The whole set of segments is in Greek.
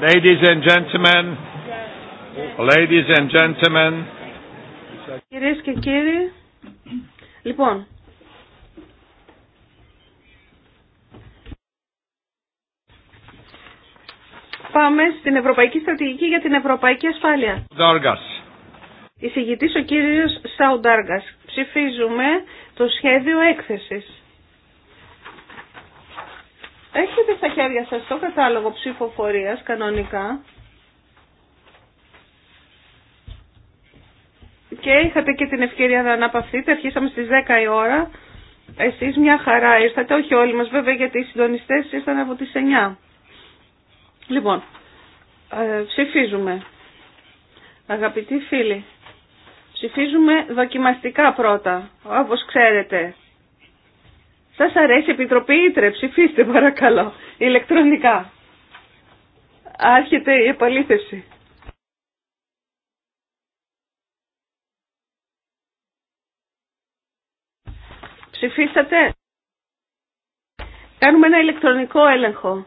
Ladies and gentlemen, ladies and gentlemen. Κυρίες και κύριοι, λοιπόν, πάμε στην Ευρωπαϊκή Στρατηγική για την Ευρωπαϊκή Ασφάλεια. Η Εισηγητής ο κύριος Σαουντάργας. Ψηφίζουμε το σχέδιο έκθεσης. Έχετε στα χέρια σας το κατάλογο ψηφοφορίας κανονικά και είχατε και την ευκαιρία να αναπαυθείτε. Αρχίσαμε στις 10 η ώρα. Εσείς μια χαρά ήρθατε, όχι όλοι μας βέβαια γιατί οι συντονιστές ήρθαν από τις 9. Λοιπόν, ε, ψηφίζουμε. Αγαπητοί φίλοι, ψηφίζουμε δοκιμαστικά πρώτα, όπως ξέρετε. Σας αρέσει η Επιτροπή Ήτρε, ψηφίστε παρακαλώ, ηλεκτρονικά. Άρχεται η επαλήθευση. Ψηφίσατε. Κάνουμε ένα ηλεκτρονικό έλεγχο.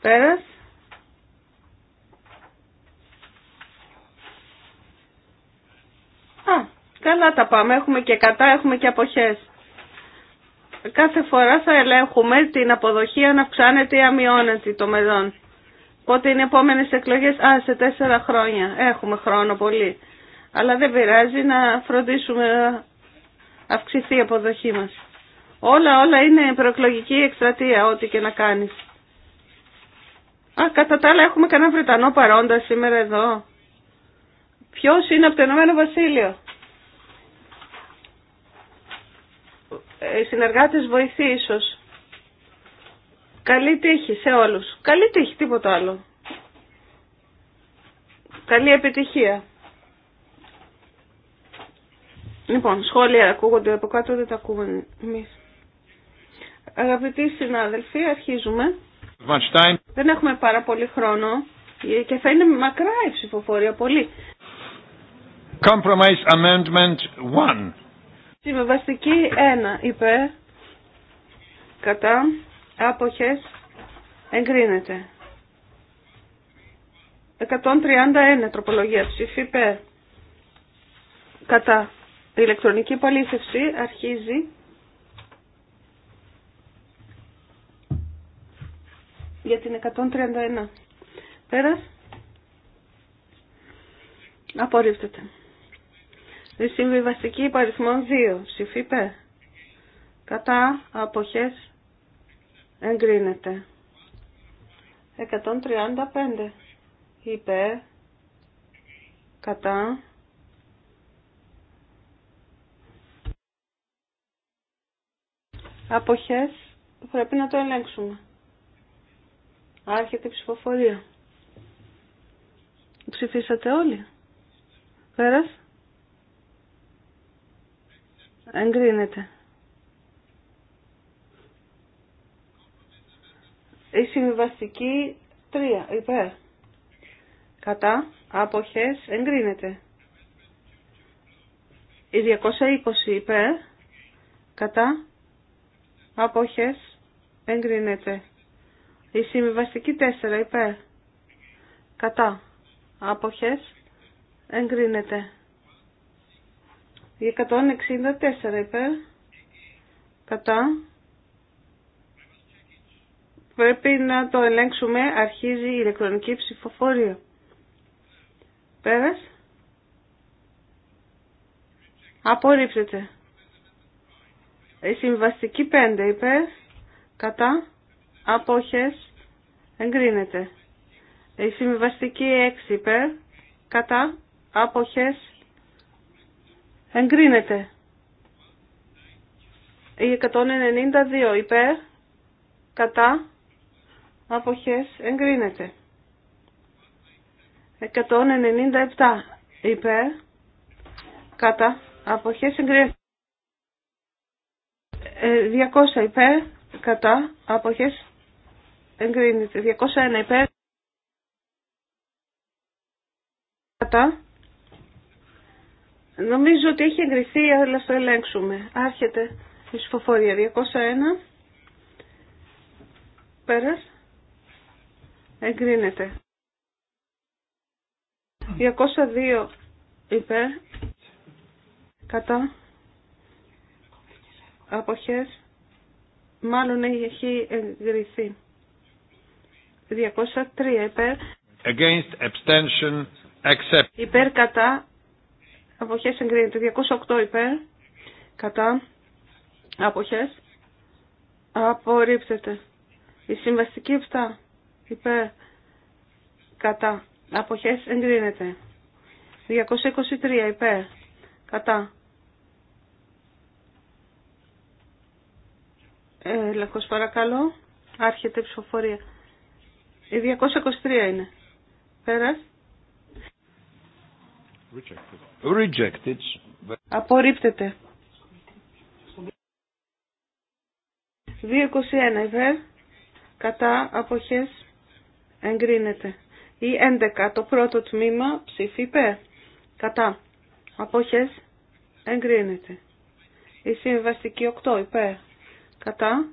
Πέρας. Α, καλά τα πάμε. Έχουμε και κατά, έχουμε και αποχές κάθε φορά θα ελέγχουμε την αποδοχή αν αυξάνεται ή αμειώνεται το μεδόν. Πότε είναι οι επόμενες εκλογές, α, σε τέσσερα χρόνια. Έχουμε χρόνο πολύ. Αλλά δεν πειράζει να φροντίσουμε να αυξηθεί η αποδοχή μας. Όλα, όλα είναι προεκλογική εκστρατεία, ό,τι και να κάνεις. Α, κατά τα άλλα έχουμε κανένα Βρετανό παρόντα σήμερα εδώ. Ποιος είναι από το Ηνωμένο Βασίλειο. Ε, συνεργάτες βοηθεί ίσως. Καλή τύχη σε όλους. Καλή τύχη, τίποτα άλλο. Καλή επιτυχία. Λοιπόν, σχόλια ακούγονται από κάτω, δεν τα ακούμε εμείς. Αγαπητοί συνάδελφοι, αρχίζουμε. Δεν έχουμε πάρα πολύ χρόνο και θα είναι μακρά η ψηφοφορία, πολύ. Compromise Amendment Συμβεβαστική 1 είπε κατά άποχες εγκρίνεται. 131 τροπολογία ψήφι υπέρ κατά η ηλεκτρονική υπολήθευση αρχίζει για την 131. Πέρας. απορρίφτεται. Η συμβιβαστική υπαριθμό 2. Ψηφίπε. Κατά αποχές εγκρίνεται. 135. είπε. Κατά. Αποχές πρέπει να το ελέγξουμε. Άρχεται η ψηφοφορία. Ψηφίσατε όλοι. Πέρασε. Εγκρίνεται. Η συμβιβαστική 3 υπέρ. Κατά αποχές εγκρίνεται. Η 220 υπέρ. Κατά αποχές εγκρίνεται. Η συμβιβαστική 4 υπέρ. Κατά αποχές εγκρίνεται. 164 υπέρ. Κατά. Πρέπει να το ελέγξουμε. Αρχίζει η ηλεκτρονική ψηφοφορία. Πέρας. Απορρίψετε. Η συμβαστική 5 υπέρ. Κατά. Απόχες. Εγκρίνεται. Η συμβαστική 6 υπέρ. Κατά. Απόχες Εγκρίνεται. Η 192 υπέρ, κατά, αποχές, εγκρίνεται. 197 υπέρ, κατά, αποχές, εγκρίνεται. 200 ε, υπέρ, κατά, αποχές, εγκρίνεται. 201 υπέρ, κατά, Νομίζω ότι έχει εγκριθεί, αλλά το ελέγξουμε. Άρχεται η σφοφόρια 201. Πέρας. Εγκρίνεται. 202 υπέρ. Κατά. Αποχές. Μάλλον έχει εγκριθεί. 203 υπέρ. Against Υπέρ κατά αποχές εγκρίνεται. 208 υπέρ, κατά, αποχές, απορρίπτεται. Η συμβαστική 7 υπέρ, κατά, αποχές εγκρίνεται. 223 υπέρ, κατά. Ε, παρακαλώ, άρχεται η ψηφοφορία. Η 223 είναι. Πέρας. Rejected. Απορρίπτεται. 2.21 υπέρ, κατά αποχές εγκρίνεται. Ή 11 το πρώτο τμήμα ψήφι υπέρ, κατά αποχές εγκρίνεται. Η συμβαστική 8 υπέρ, κατά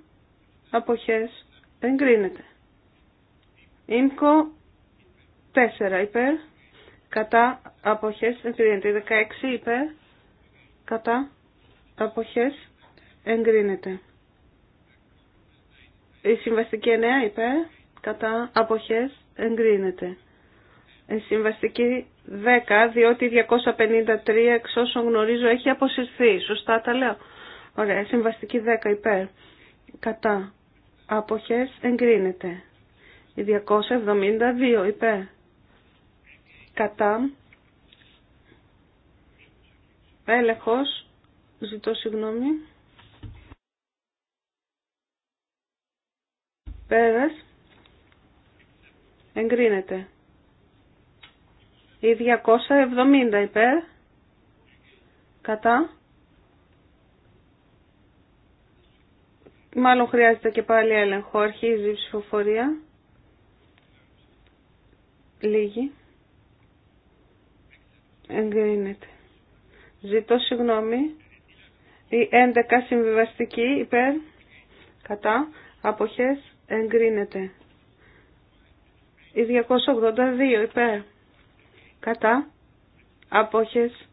αποχές εγκρίνεται. Ήμκο 4 υπέρ, κατά αποχές εγκρίνεται. 16 είπε. κατά αποχές εγκρίνεται. Η συμβαστική 9 είπε. κατά αποχές εγκρίνεται. Η συμβαστική 10 διότι 253 εξ όσων γνωρίζω έχει αποσυρθεί. Σωστά τα λέω. Ωραία. Συμβαστική 10 υπέρ κατά αποχές εγκρίνεται. Η 272 υπέρ κατά έλεγχος ζητώ συγγνώμη πέρας εγκρίνεται η 270 υπέρ κατά μάλλον χρειάζεται και πάλι έλεγχο αρχίζει η ψηφοφορία λίγη εγκρίνεται. Ζητώ συγγνώμη. Η 11 συμβιβαστική υπέρ κατά αποχές εγκρίνεται. Η 282 υπέρ κατά αποχές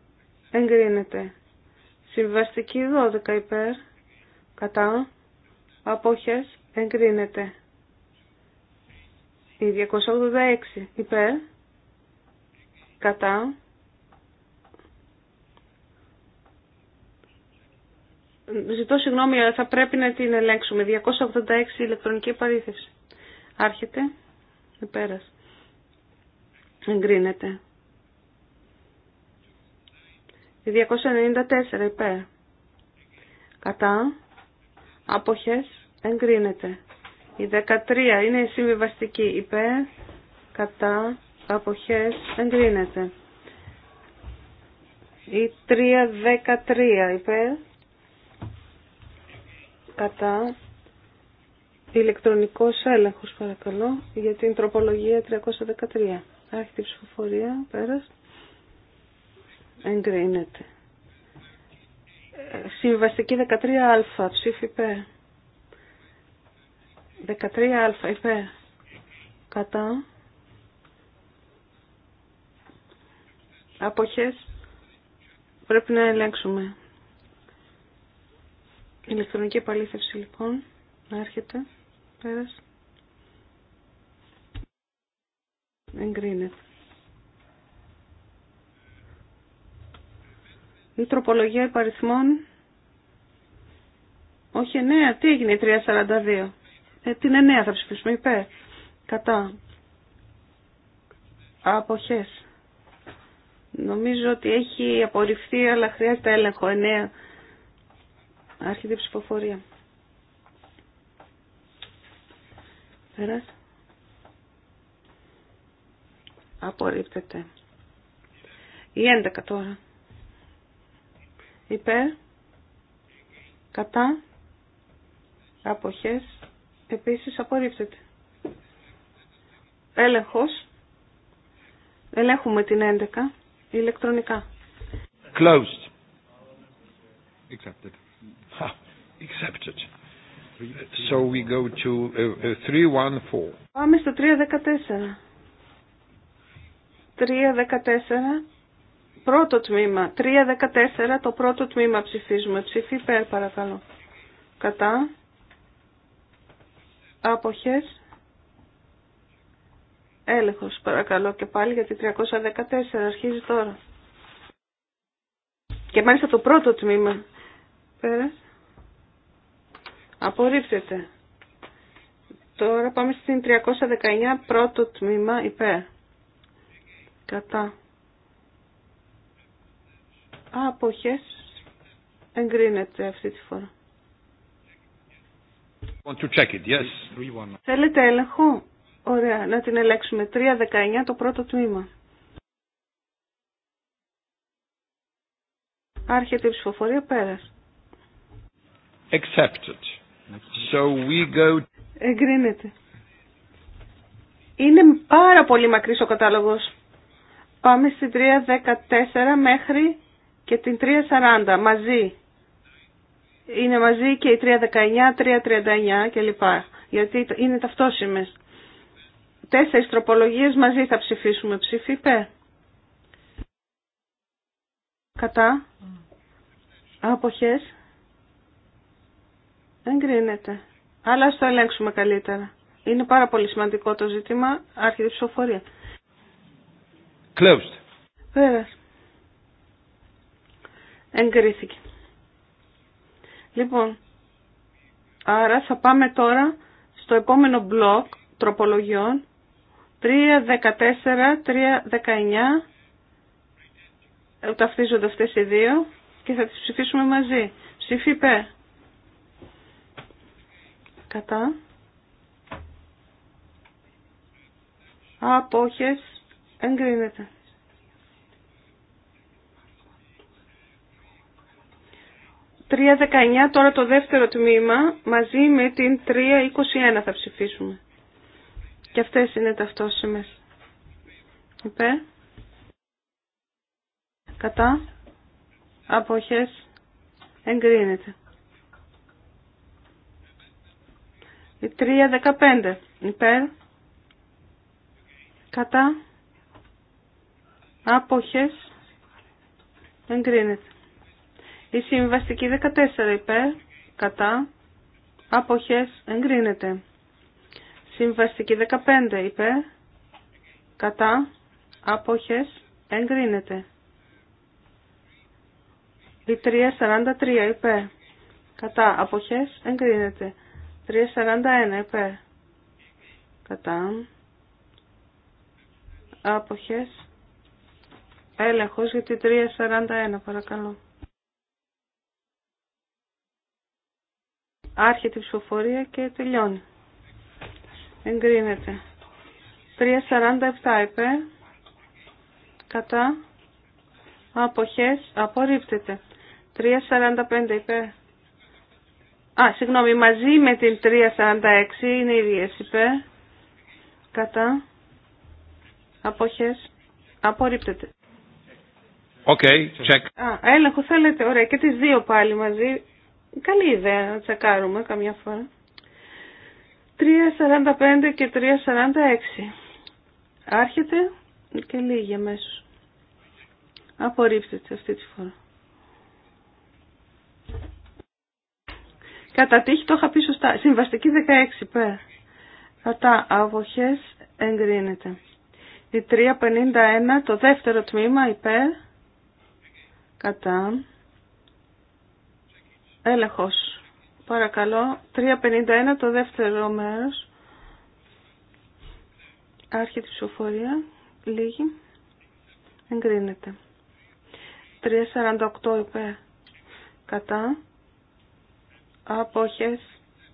εγκρίνεται. Συμβιβαστική 12 υπέρ κατά αποχές εγκρίνεται. Η 286 υπέρ κατά Ζητώ συγγνώμη, αλλά θα πρέπει να την ελέγξουμε. 286 ηλεκτρονική υπαρήθευση. Άρχεται. Πέρας. Εγκρίνεται. 294 υπέρ. Κατά. Άποχες. Εγκρίνεται. Η 13 είναι η συμβιβαστική υπέρ. Κατά. Άποχες. Εγκρίνεται. Η 313 υπέρ κατά ηλεκτρονικός έλεγχος παρακαλώ για την τροπολογία 313. την ψηφοφορια ψηφοφορία, πέρας. Εγκρίνεται. Συμβαστική 13α, ψηφι π. υπέρ. 13α υπέ. Κατά. Αποχές πρέπει να ελέγξουμε. Η Ηλεκτρονική επαλήθευση λοιπόν. Να έρχεται. Πέρας. Εγκρίνεται. Η τροπολογία υπαριθμών. Όχι εννέα. Τι έγινε η 342. Ε, την εννέα θα ψηφίσουμε υπέρ. Κατά. Αποχές. Νομίζω ότι έχει απορριφθεί αλλά χρειάζεται έλεγχο εννέα. Άρχεται ψηφοφορία. Πέρας. Απορρίπτεται. Η 11 τώρα. Υπέρ. Κατά. Αποχές. Επίσης απορρίπτεται. Έλεγχος. Ελέγχουμε την 11 ηλεκτρονικά. Closed. Accepted accepted. So we go to 314. Uh, uh, Πάμε στο 314. 314. Πρώτο τμήμα. 314 το πρώτο τμήμα ψηφίζουμε. Ψηφί υπέρ παρακαλώ. Κατά. Άποχες. Έλεγχος παρακαλώ και πάλι γιατί 314 αρχίζει τώρα. Και μάλιστα το πρώτο τμήμα. Πέρας. Απορρίπτεται. Τώρα πάμε στην 319 πρώτο τμήμα υπέρ. Κατά. Αποχές εγκρίνεται αυτή τη φορά. Θέλετε έλεγχο. Ωραία. Να την ελέγξουμε. 319 το πρώτο τμήμα. Άρχεται η ψηφοφορία πέρας. Accepted. So we go... Εγκρίνεται. Είναι πάρα πολύ μακρύς ο κατάλογος. Πάμε στη 3.14 μέχρι και την 3.40 μαζί. Είναι μαζί και η 3.19, 3.39 κλπ. Γιατί είναι ταυτόσιμες. Τέσσερις τροπολογίες μαζί θα ψηφίσουμε. Ψήφιπε. Κατά. Αποχές. Εγκρίνεται. Αλλά ας το ελέγξουμε καλύτερα. Είναι πάρα πολύ σημαντικό το ζήτημα. Άρχεται η ψηφοφορία. Closed. Πέρας. Εγκρίθηκε. Λοιπόν, άρα θα πάμε τώρα στο επόμενο μπλοκ τροπολογιών 3.14-3.19 ε, ταυτίζονται αυτές οι δύο και θα τις ψηφίσουμε μαζί. Ψήφι κατά απόχες εγκρίνεται. Τρία δεκαεννιά, τώρα το δεύτερο τμήμα, μαζί με την 3.21 θα ψηφίσουμε. Και αυτές είναι ταυτόσιμες. Υπέρ. Κατά. Αποχές. Εγκρίνεται. Η 3.15 υπέρ κατά άποχες εγκρίνεται. Η συμβαστική 14 υπέρ κατά άποχες εγκρίνεται. Συμβαστική 15 υπέρ κατά άποχες εγκρίνεται. Η 3.43 υπέρ κατά αποχές εγκρίνεται. 3.41 υπέρ. Κατά. Άποχες. Έλεγχος για τη 3.41 παρακαλώ. Άρχεται η ψηφοφορία και τελειώνει. Εγκρίνεται. 3.47 υπέρ. Κατά. Αποχές. Απορρίπτεται. 3.45 υπέρ. Α, συγγνώμη, μαζί με την 346 είναι η υπέρ. Κατά. Απόχες. Απορρίπτεται. Okay, check. Α, έλεγχο θέλετε, ωραία. Και τις δύο πάλι μαζί. Καλή ιδέα να τσακάρουμε καμιά φορά. 3.45 και 3.46. Άρχεται και λίγη αμέσως. Απορρίπτεται αυτή τη φορά. Κατά τύχη το είχα πει σωστά. Συμβαστική 16 πέ. Κατά άβοχες εγκρίνεται. Η 351 το δεύτερο τμήμα υπέρ. Κατά. Έλεγχος. Παρακαλώ. 351 το δεύτερο μέρος. Άρχη ψηφοφορία. Λίγη. Εγκρίνεται. 348 υπέρ. Κατά απόχες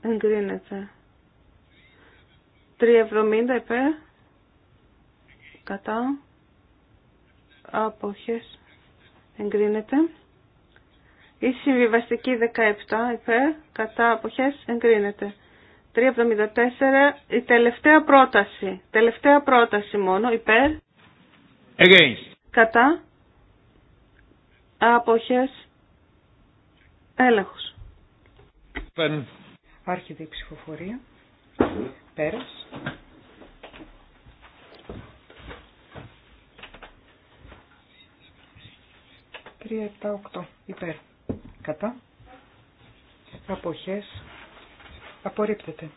εγκρίνεται. 3,70 υπέρ κατά απόχες εγκρίνεται. Η συμβιβαστική 17 υπέρ κατά απόχες εγκρίνεται. 3,74 η τελευταία πρόταση. Τελευταία πρόταση μόνο υπέρ. Against. Κατά. Άποχες. Έλεγχος. Open. Άρχεται η ψηφοφορία. Πέρας. Τρία, επτά, οκτώ. Υπέρ. Κατά. Αποχές. Απορρίπτεται.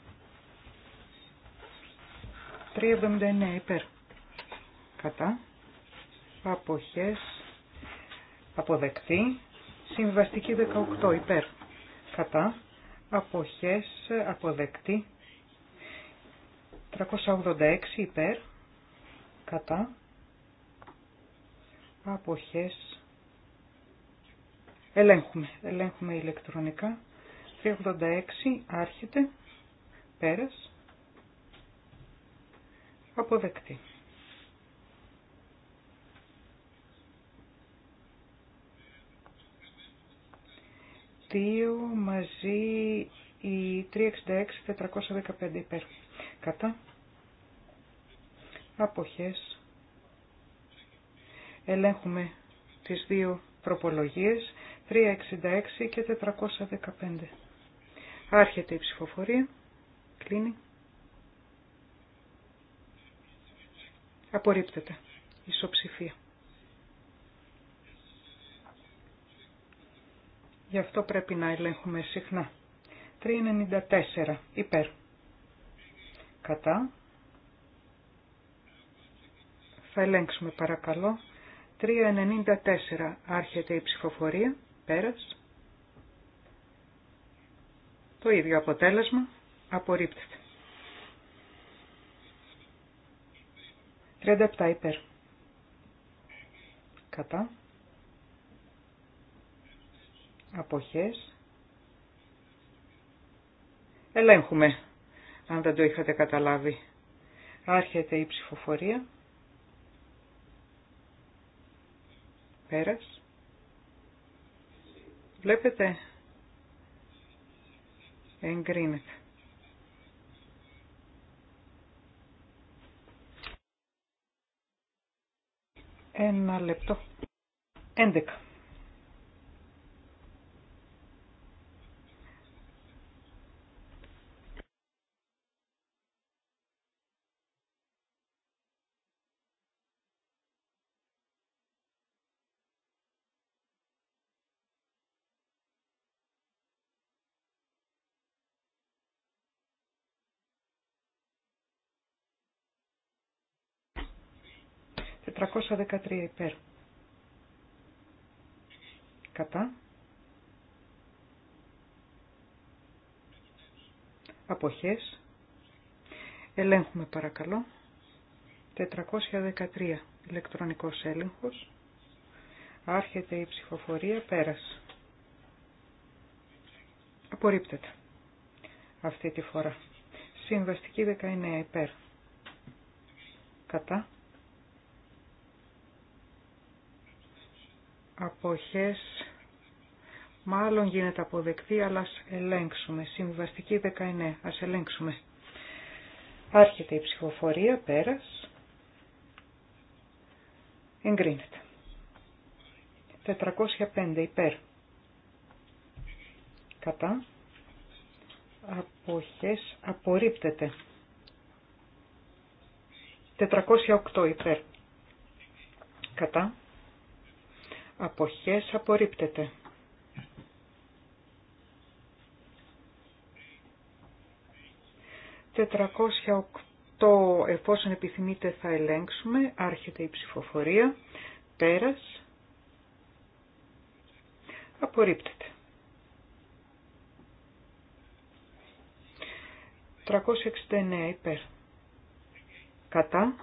3,79 υπέρ. Κατά. Αποχές. Αποδεκτή. Συμβαστική 18 υπέρ. Κατά αποχές αποδεκτή 386 υπέρ κατά αποχές ελέγχουμε ελέγχουμε ηλεκτρονικά 386 άρχεται πέρας αποδεκτή Δύο μαζί η 366-415 υπέρ. Κατά. Αποχές. Ελέγχουμε τις δύο προπολογίες, 366 και 415. Άρχεται η ψηφοφορία. Κλείνει. Απορρίπτεται. Ισοψηφία. Γι' αυτό πρέπει να ελέγχουμε συχνά. 394 υπέρ. Κατά. Θα ελέγξουμε παρακαλώ. 394 άρχεται η ψηφοφορία. Πέρας. Το ίδιο αποτέλεσμα απορρίπτεται. 37 υπέρ. Κατά αποχές. Ελέγχουμε, αν δεν το είχατε καταλάβει. Άρχεται η ψηφοφορία. Πέρας. Βλέπετε, εγκρίνεται. Ένα λεπτό. Έντεκα. 313 υπέρ. Κατά. Αποχές. Ελέγχουμε παρακαλώ. 413 ηλεκτρονικός έλεγχος. Άρχεται η ψηφοφορία πέρας. Απορρίπτεται αυτή τη φορά. Συμβαστική 19 υπέρ. Κατά. αποχές μάλλον γίνεται αποδεκτή, αλλά ας ελέγξουμε. Συμβιβαστική 19, ας ελέγξουμε. Άρχεται η ψηφοφορία, πέρας. Εγκρίνεται. 405 υπέρ. Κατά. Αποχές απορρίπτεται. 408 υπέρ. Κατά. Αποχές απορρίπτεται. 408. εφόσον επιθυμείτε θα ελέγξουμε, άρχεται η ψηφοφορία, πέρας, απορρίπτεται. 369 υπέρ. Κατά.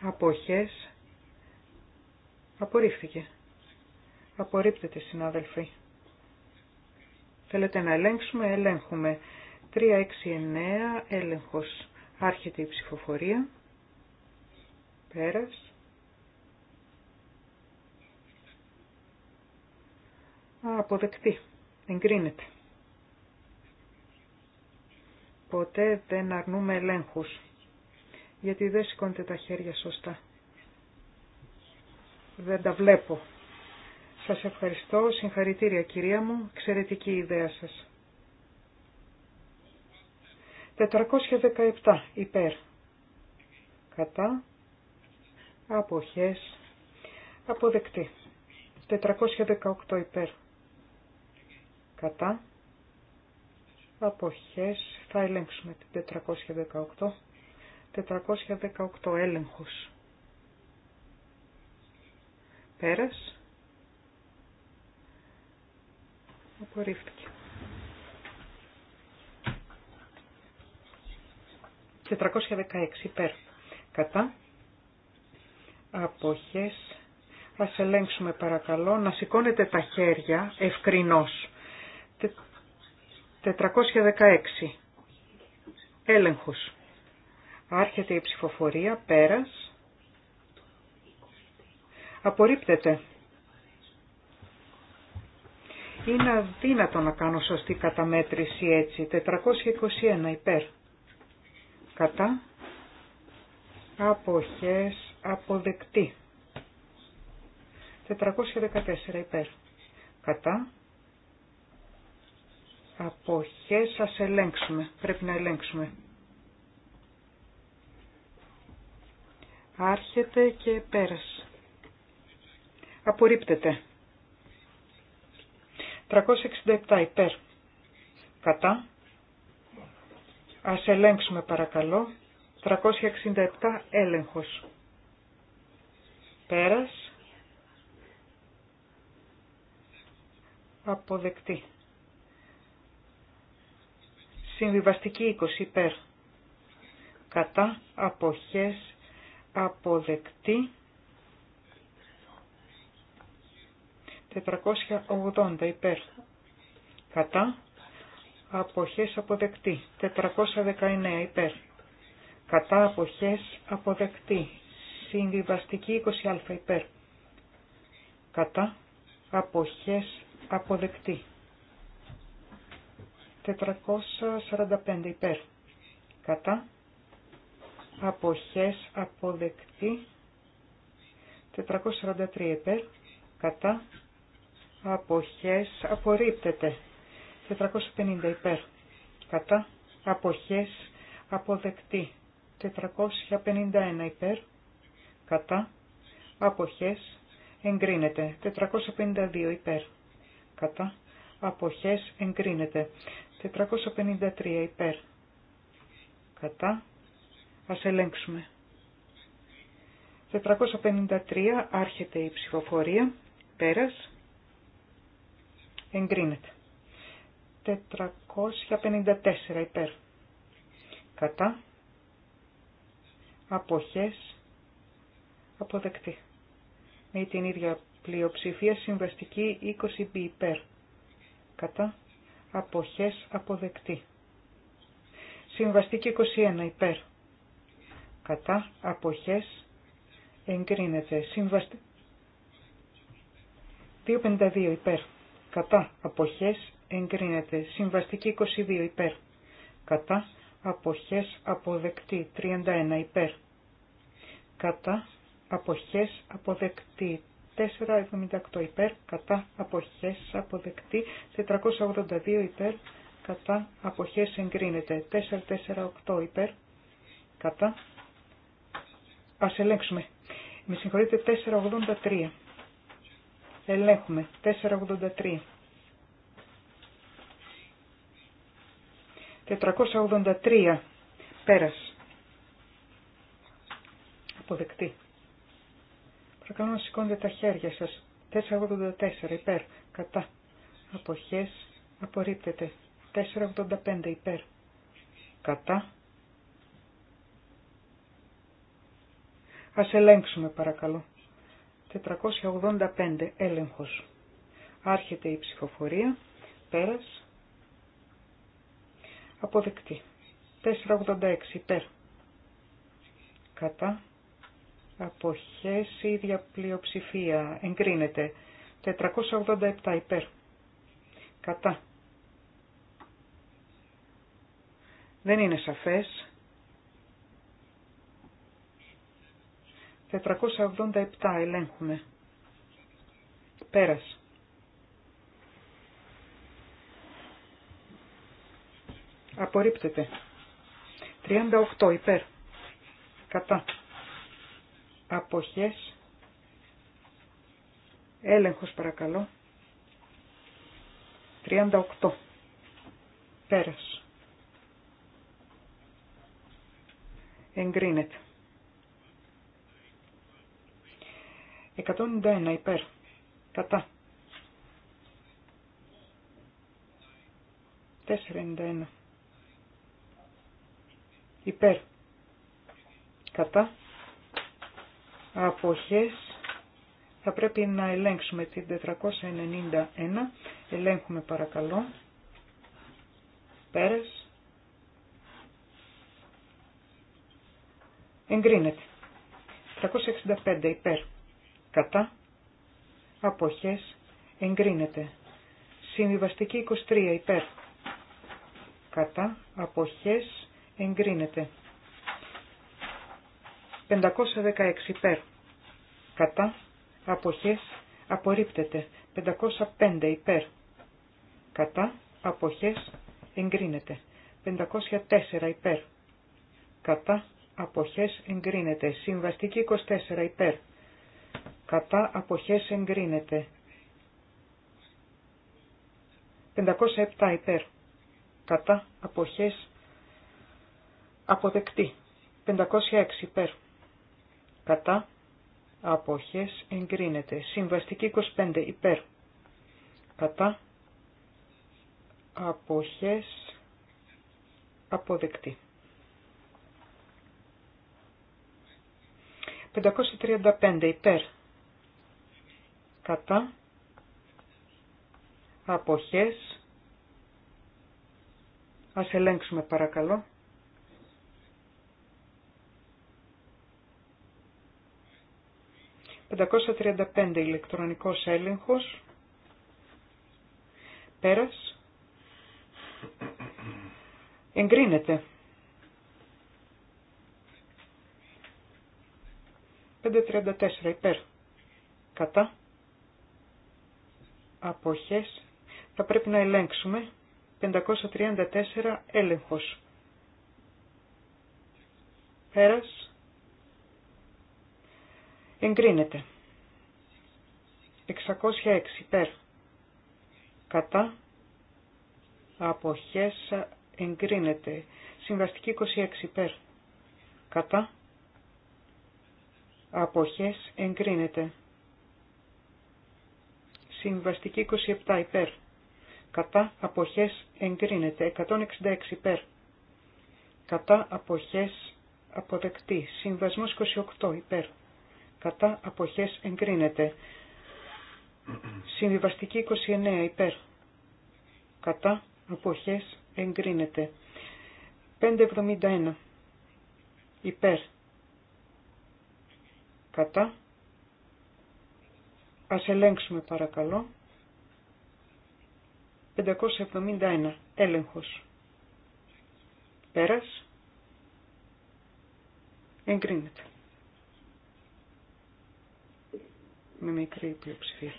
Αποχές Απορρίφθηκε. Απορρίπτεται, συνάδελφοι. Θέλετε να ελέγξουμε, ελέγχουμε. 369, έλεγχος. Άρχεται η ψηφοφορία. Πέρας. Α, αποδεκτή. Εγκρίνεται. Ποτέ δεν αρνούμε ελέγχους. Γιατί δεν σηκώνετε τα χέρια σωστά δεν τα βλέπω. Σας ευχαριστώ. Συγχαρητήρια κυρία μου. Εξαιρετική ιδέα σας. 417 υπέρ. Κατά. Αποχές. Αποδεκτή. 418 υπέρ. Κατά. Αποχές. Θα ελέγξουμε την 418. 418 έλεγχος. Πέρας. Απορρίφθηκε. 416, 316 υπέρ. Κατά. Αποχές. Ας ελέγξουμε παρακαλώ να σηκώνετε τα χέρια ευκρινώς. 416. Έλεγχος. Άρχεται η ψηφοφορία πέρας απορρίπτεται. Είναι αδύνατο να κάνω σωστή καταμέτρηση έτσι. 421 υπέρ. Κατά. Αποχές αποδεκτή. 414 υπέρ. Κατά. Αποχές ας ελέγξουμε. Πρέπει να ελέγξουμε. Άρχεται και πέρασε. Απορρίπτεται. 367 υπέρ. Κατά. Ας ελέγξουμε παρακαλώ. 367 έλεγχος. Πέρας. Αποδεκτή. Συμβιβαστική 20 υπέρ. Κατά. Αποχές. Αποδεκτή. 480 υπέρ. Κατά. Αποχές αποδεκτή. 419 υπέρ. Κατά αποχές αποδεκτή. Συμβιβαστική 20α υπέρ. Κατά αποχές αποδεκτή. 445 υπέρ. Κατά αποχές αποδεκτή. 443 υπέρ. Κατά αποχές απορρίπτεται. 450 υπέρ. Κατά αποχές αποδεκτή. 451 υπέρ. Κατά αποχές εγκρίνεται. 452 υπέρ. Κατά αποχές εγκρίνεται. 453 υπέρ. Κατά. Ας ελέγξουμε. 453 άρχεται η ψηφοφορία. Πέρας εγκρίνεται. 454 υπέρ. Κατά. Αποχές. Αποδεκτή. Με την ίδια πλειοψηφία συμβαστική 20B υπέρ. Κατά. Αποχές αποδεκτή. Συμβαστική 21 υπέρ. Κατά. Αποχές εγκρίνεται. Συμβαστική. 252 υπέρ κατά αποχές εγκρίνεται. Συμβαστική 22 υπέρ, κατά αποχές αποδεκτή 31 υπέρ, κατά αποχές αποδεκτή 478 υπέρ, κατά αποχές αποδεκτή 482 υπέρ, κατά αποχές εγκρίνεται 448 υπέρ, κατά ας ελέγξουμε. Με συγχωρείτε 483. Ελέγχουμε. 483. 483. Πέρας. Αποδεκτή. Παρακαλώ να σηκώνετε τα χέρια σας. 484 υπέρ. Κατά. Αποχές. Απορρίπτεται. 485 υπέρ. Κατά. Ας ελέγξουμε παρακαλώ. 485 έλεγχος. Άρχεται η ψηφοφορία. Πέρας. Αποδεκτή. 486 υπέρ. Κατά. Αποχές ίδια πλειοψηφία. Εγκρίνεται. 487 υπέρ. Κατά. Δεν είναι σαφές. 487 ελέγχουμε. Πέρας. Απορρίπτεται. 38 υπέρ. Κατά. Αποχές. Έλεγχος παρακαλώ. 38. Πέρας. Εγκρίνεται. 191 υπέρ. Κατά. 491. Υπέρ. Κατά. Αποχές. Θα πρέπει να ελέγξουμε την 491. Ελέγχουμε παρακαλώ. Πέρες. Εγκρίνεται. 365 υπέρ κατά, αποχές, εγκρίνεται. Συμβιβαστική 23 υπέρ, κατά, αποχές, εγκρίνεται. 516 υπέρ, κατά, αποχές, απορρίπτεται. 505 υπέρ, κατά, αποχές, εγκρίνεται. 504 υπέρ, κατά, αποχές, εγκρίνεται. Συμβαστική 24 υπέρ, κατά αποχές εγκρίνεται. 507 υπέρ, κατά αποχές αποδεκτή. 506 υπέρ, κατά αποχές εγκρίνεται. Συμβαστική 25 υπέρ, κατά αποχές αποδεκτή. 535 υπέρ, κατά αποχές ας ελέγξουμε παρακαλώ ...535 ηλεκτρονικός έλεγχος... ...πέρας... ...εγκρίνεται... ...534 υπέρ... ...κατά αποχές θα πρέπει να ελέγξουμε 534 έλεγχος. Πέρας. Εγκρίνεται. 606 υπέρ. Κατά. Αποχές εγκρίνεται. Συμβαστική 26 υπέρ. Κατά. Αποχές εγκρίνεται. Συμβαστική 27 υπέρ. Κατά αποχές εγκρίνεται. 166 υπέρ. Κατά αποχές αποδεκτή. Συμβασμός 28 υπέρ. Κατά αποχές εγκρίνεται. Συμβιβαστική 29 υπέρ. Κατά αποχές εγκρίνεται. 571 υπέρ. Κατά Ας ελέγξουμε παρακαλώ. 571. Έλεγχος. Πέρας. Εγκρίνεται. Με μικρή πλειοψηφία.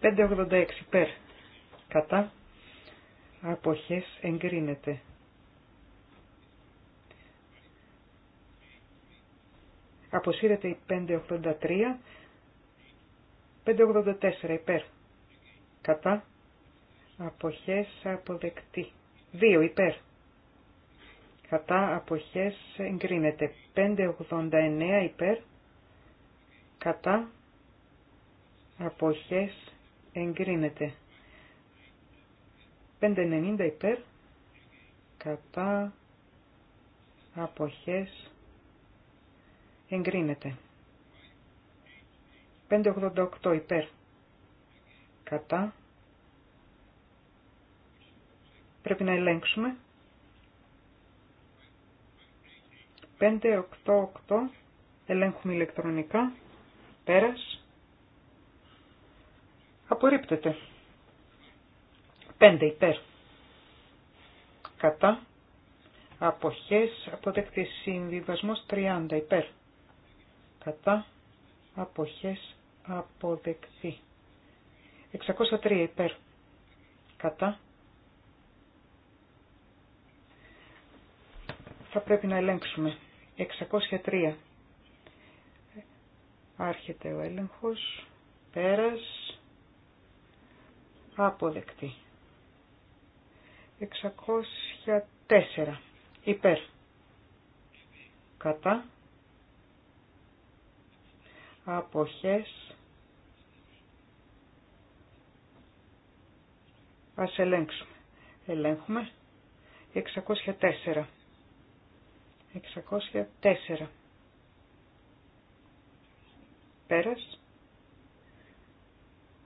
586. Πέρ. Κατά. Αποχές. Εγκρίνεται. Αποσύρεται η 583 584 υπέρ. Κατά. Αποχές αποδεκτή. 2 υπέρ. Κατά αποχές εγκρίνεται. 589 υπέρ. Κατά αποχές εγκρίνεται. 590 υπέρ. Κατά αποχές εγκρίνεται. 588 υπέρ. Κατά. Πρέπει να ελέγξουμε. 588 ελέγχουμε ηλεκτρονικά. Πέρας. Απορρίπτεται. 5 υπέρ. Κατά. Αποχές αποδεκτή συμβιβασμός 30 υπέρ. Κατά. Αποχές αποδεκτή. 603 υπέρ. Κατά. Θα πρέπει να ελέγξουμε. 603. Άρχεται ο έλεγχος. Πέρας. Αποδεκτή. 604. Υπέρ. Κατά. Αποχές Ας ελέγξουμε. Ελέγχουμε. 604. 604. Πέρας.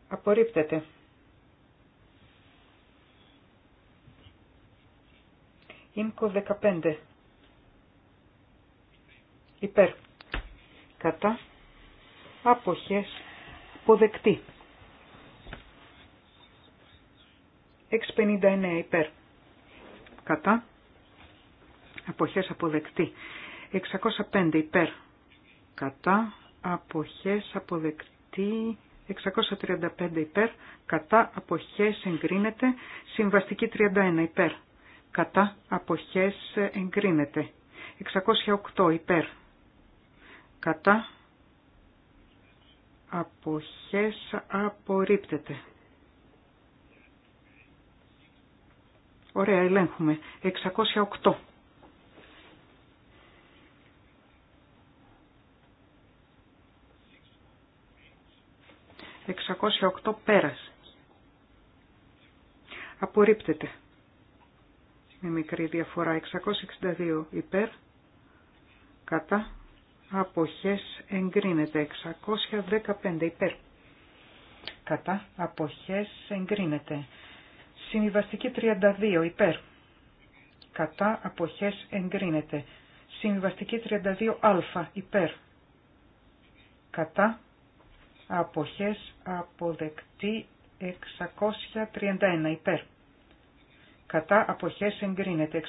Απορρίπτεται. 15. Υπέρ. Κατά. Αποχές. Αποδεκτή. 659 υπέρ. Κατά. Αποχές αποδεκτή. 605 υπέρ. Κατά. Αποχές αποδεκτή. 635 υπέρ. Κατά. Αποχές εγκρίνεται. Συμβαστική 31 υπέρ. Κατά. Αποχές εγκρίνεται. 608 υπέρ. Κατά. Αποχές απορρίπτεται. Ωραία, ελέγχουμε. 608. 608 πέρασε. Απορρίπτεται. Με μικρή διαφορά. 662 υπέρ. Κατά. Αποχές εγκρίνεται. 615 υπέρ. Κατά. Αποχές εγκρίνεται. Συμβιβαστική 32 υπέρ. Κατά αποχές εγκρίνεται. Συμβιβαστική 32α υπέρ. Κατά αποχές αποδεκτή 631 υπέρ. Κατά αποχές εγκρίνεται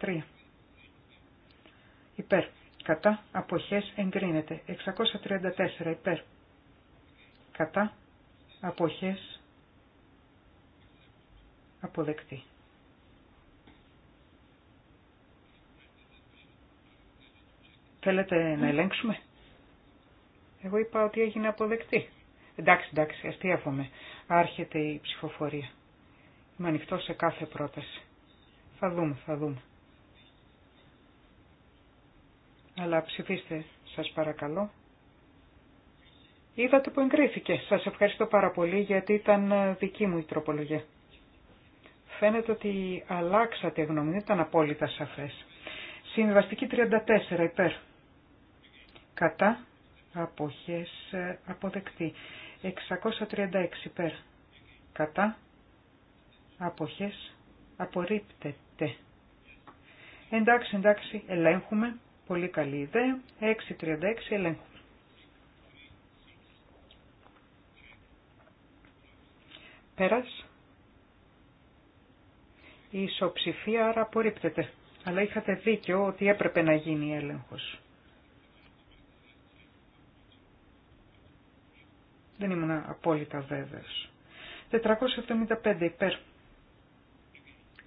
633 υπέρ. Κατά αποχές εγκρίνεται 634 υπέρ. Κατά αποχές αποδεκτή. Θέλετε να ναι. ελέγξουμε. Εγώ είπα ότι έγινε αποδεκτή. Εντάξει, εντάξει, αστείαφομαι. Άρχεται η ψηφοφορία. Είμαι ανοιχτό σε κάθε πρόταση. Θα δούμε, θα δούμε. Αλλά ψηφίστε, σας παρακαλώ. Είδατε που εγκρίθηκε. Σας ευχαριστώ πάρα πολύ γιατί ήταν ε, δική μου η τροπολογία φαίνεται ότι αλλάξατε γνώμη, δεν ήταν απόλυτα σαφές. Συμβαστική 34 υπέρ. Κατά αποχές ε, αποδεκτή. 636 υπέρ. Κατά αποχές απορρίπτεται. Εντάξει, εντάξει, ελέγχουμε. Πολύ καλή ιδέα. 6.36 ελέγχουμε. Πέρας. Η ισοψηφία, άρα απορρίπτεται. Αλλά είχατε δίκιο ότι έπρεπε να γίνει έλεγχος. Δεν ήμουν απόλυτα βέβαιος. 475 υπέρ.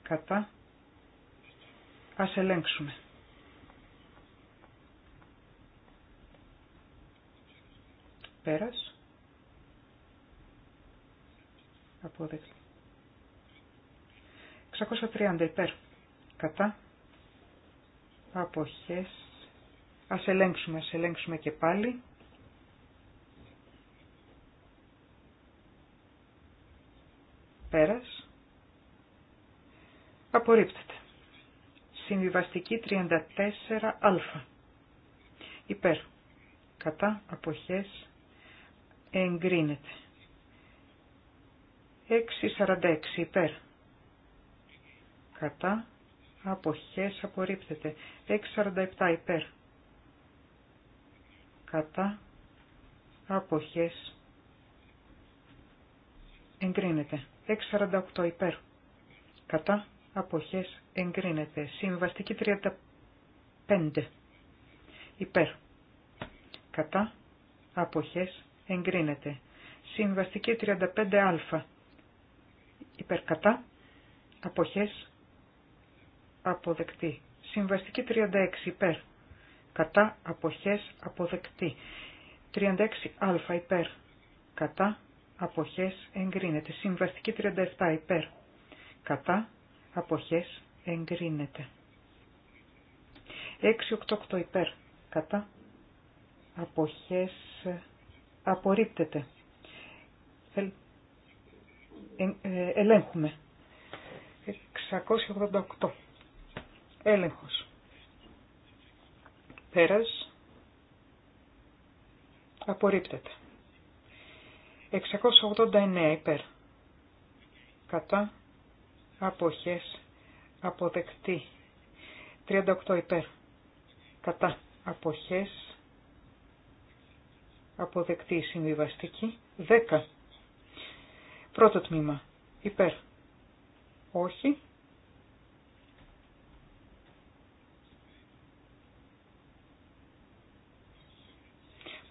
Κατά. Ας ελέγξουμε. Πέρας. Αποδεκτή. 630 υπέρ. Κατά. Αποχές. Ας ελέγξουμε, ας ελέγξουμε και πάλι. Πέρας. Απορρίπτεται. Συμβιβαστική 34α. Υπέρ. Κατά. Αποχές. Εγκρίνεται. 646 υπέρ κατά, αποχές απορρίπτεται. 647 υπέρ, κατά, αποχές εγκρίνεται. 648 υπέρ, κατά, αποχές εγκρίνεται. Συμβαστική 35 υπέρ, κατά, αποχές εγκρίνεται. Συμβαστική 35α υπερκατά, αποχές αποδεκτή. Συμβαστική 36 υπέρ. Κατά αποχές αποδεκτή. 36α υπέρ. Κατά αποχές εγκρίνεται. Συμβαστική 37 υπέρ. Κατά αποχές εγκρίνεται. 688 υπέρ. Κατά αποχές απορρίπτεται. Ε, ε, ελέγχουμε. 688. Έλεγχος. Πέρας. Απορρίπτεται. 689 υπέρ. Κατά. Αποχές. Αποδεκτή. 38 υπέρ. Κατά. Αποχές. Αποδεκτή συμβιβαστική. 10. Πρώτο τμήμα. Υπέρ. Όχι.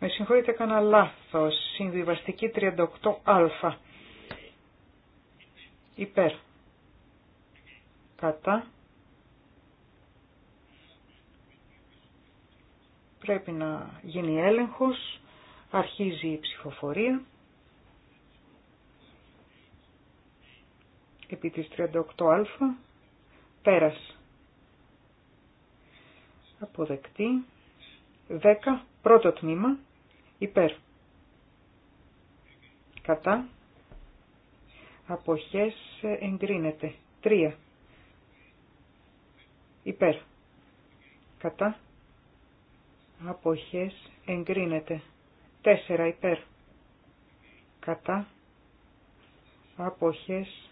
Με συγχωρείτε, λάθο λάθος. Συμβιβαστική 38α. Υπέρ. Κατά. Πρέπει να γίνει έλεγχος. Αρχίζει η ψηφοφορία. Επί της 38α. Πέρας. Αποδεκτή. Δέκα πρώτο τμήμα υπέρ. Κατά. Αποχές ε, εγκρίνεται. τρία υπέρ. Κατά. Αποχές εγκρίνεται. τέσσερα υπέρ. Κατά. Αποχές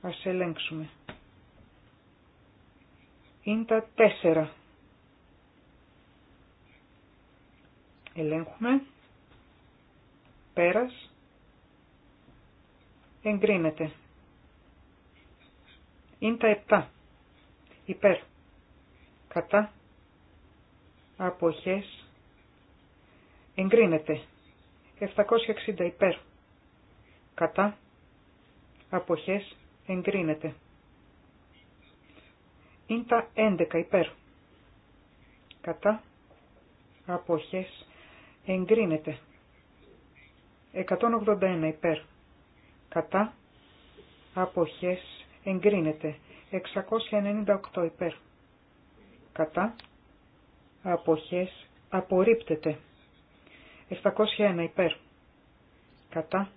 Ας ελέγξουμε. Είναι τα τέσσερα Ελέγχουμε. Πέρας. Εγκρίνεται. Είναι τα 7. Υπέρ. Κατά. Αποχές. Εγκρίνεται. 760 υπέρ. Κατά. Αποχές. Εγκρίνεται. Είναι τα 11 υπέρ. Κατά. Αποχές εγκρίνεται. 181 υπέρ. Κατά. Αποχές εγκρίνεται. 698 υπέρ. Κατά. Αποχές απορρίπτεται. 701 υπέρ. Κατά.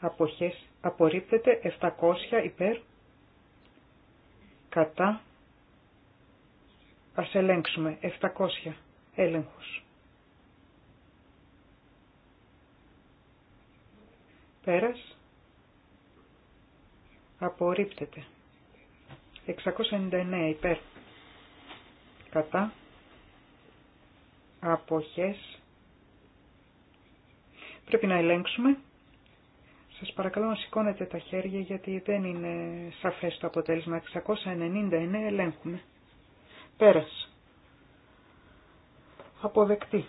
Αποχές απορρίπτεται. 700 υπέρ. Κατά. Ας ελέγξουμε. 700 έλεγχος. Πέρας. Απορρίπτεται. 699 υπέρ. Κατά. Αποχές. Πρέπει να ελέγξουμε. Σας παρακαλώ να σηκώνετε τα χέρια γιατί δεν είναι σαφές το αποτέλεσμα. 699 ελέγχουμε. Πέρας. Αποδεκτή.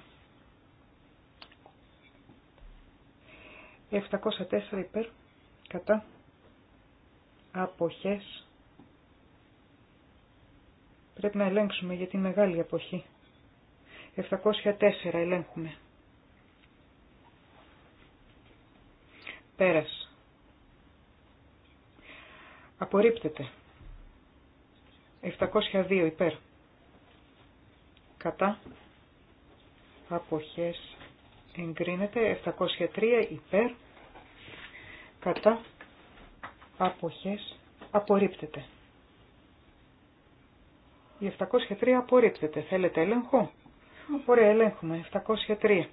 704 υπέρ κατά αποχές πρέπει να ελέγξουμε γιατί μεγάλη αποχή 704 ελέγχουμε πέρας απορρίπτεται 702 υπέρ κατά αποχές εγκρίνεται 703 υπέρ κατά αποχές απορρίπτεται. Η 703 απορρίπτεται. Θέλετε έλεγχο? Ωραία, ελέγχουμε. 703.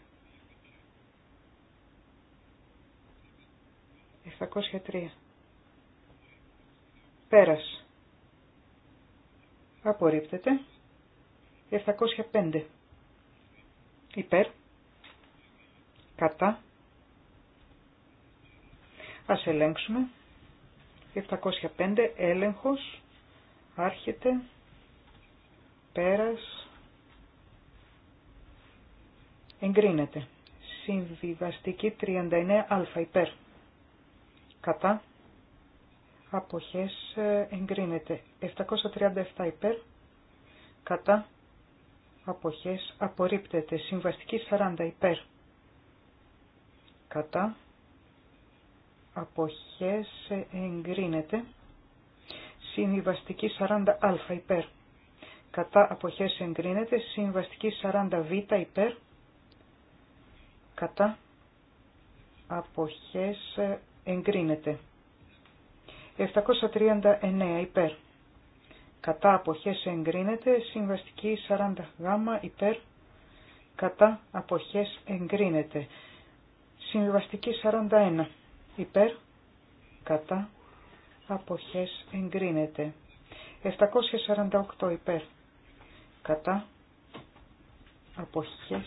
703. Πέρας. Απορρίπτεται. 705. Υπέρ. Κατά. Ας ελέγξουμε. 705 έλεγχος. Άρχεται. Πέρας. Εγκρίνεται. Συμβιβαστική 39α υπέρ. Κατά. Αποχές ε, εγκρίνεται. 737 υπέρ. Κατά. Αποχές απορρίπτεται. Συμβαστική 40 υπέρ κατά αποχές εγκρίνεται συμβιβαστική 40α υπέρ κατά αποχές εγκρίνεται συμβαστική 40β υπέρ κατά αποχές εγκρίνεται 739 υπέρ κατά αποχές εγκρίνεται συμβαστική 40γ υπέρ κατά αποχές εγκρίνεται Συμβιβαστική 41. Υπέρ, κατά, αποχές εγκρίνεται. 748 υπέρ, κατά, αποχές.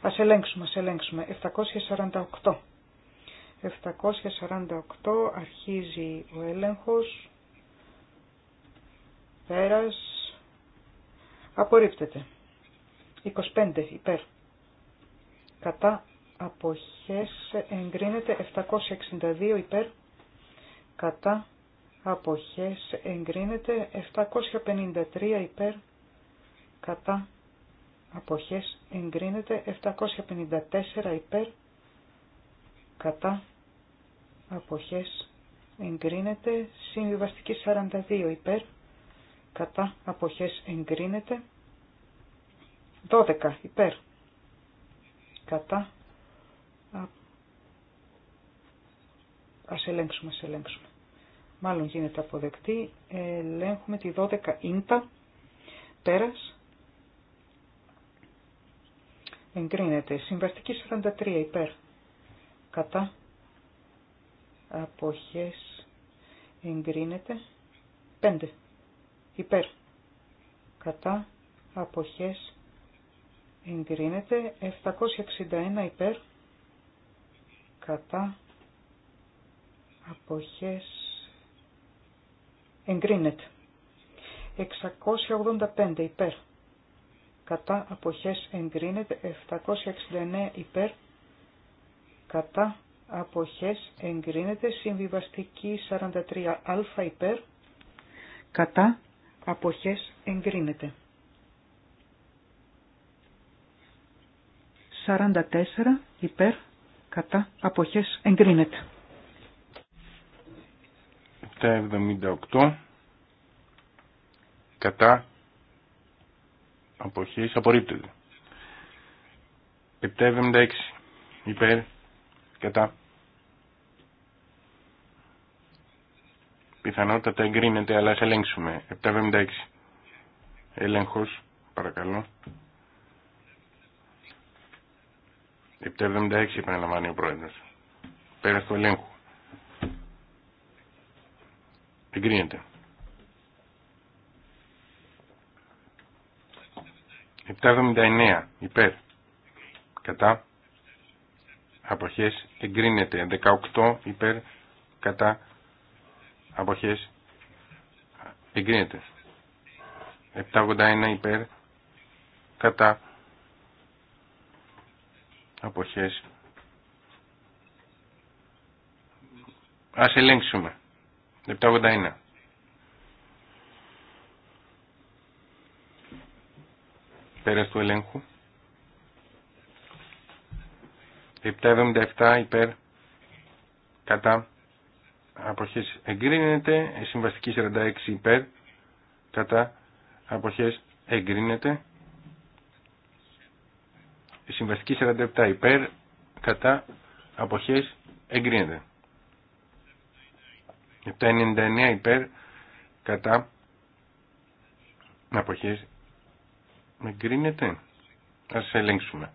Ας ελέγξουμε, ας ελέγξουμε. 748. 748 αρχίζει ο έλεγχος. Πέρας. Απορρίπτεται. 25 υπέρ. Κατά αποχές εγκρίνεται 762 υπέρ κατά αποχές εγκρίνεται 753 υπέρ κατά αποχές εγκρίνεται 754 υπέρ κατά αποχές εγκρίνεται συμβιβαστική 42 υπέρ κατά αποχές εγκρίνεται 12 υπέρ κατά Ας ελέγξουμε, ας ελέγξουμε. Μάλλον γίνεται αποδεκτή. Ελέγχουμε τη 12 ίντα. Πέρας. Εγκρίνεται. Συμβαστική 43 υπέρ. Κατά. Αποχές. Εγκρίνεται. 5. Υπέρ. Κατά. Αποχές. Εγκρίνεται. 761 υπέρ. Κατά αποχές εγκρίνεται. 685 υπέρ. Κατά αποχές εγκρίνεται 769 υπέρ. Κατά αποχές εγκρίνεται συμβιβαστική 43α υπέρ. Κατά αποχές εγκρίνεται. 44 υπέρ. Κατά αποχές εγκρίνεται. 778 κατά αποχής απορρίπτεται 776 υπέρ κατά πιθανότατα εγκρίνεται αλλά ας ελέγξουμε 776 έλεγχος παρακαλώ 776 επαναλαμβάνει ο πρόεδρος Πέρα του ελέγχου Εγκρίνεται. 779 υπέρ. Κατά. Αποχές εγκρίνεται. 18 υπέρ. Κατά. Αποχές εγκρίνεται. 781 υπέρ. Κατά. Αποχές. Ας ελέγξουμε. 781. Πέρας του ελέγχου. 777 υπέρ κατά αποχές εγκρίνεται. Συμβαστική 46 υπέρ κατά αποχές εγκρίνεται. Συμβαστική 47 υπέρ κατά αποχές εγκρίνεται. 799 υπέρ κατά αποχές εγκρίνεται. Ας ελέγξουμε.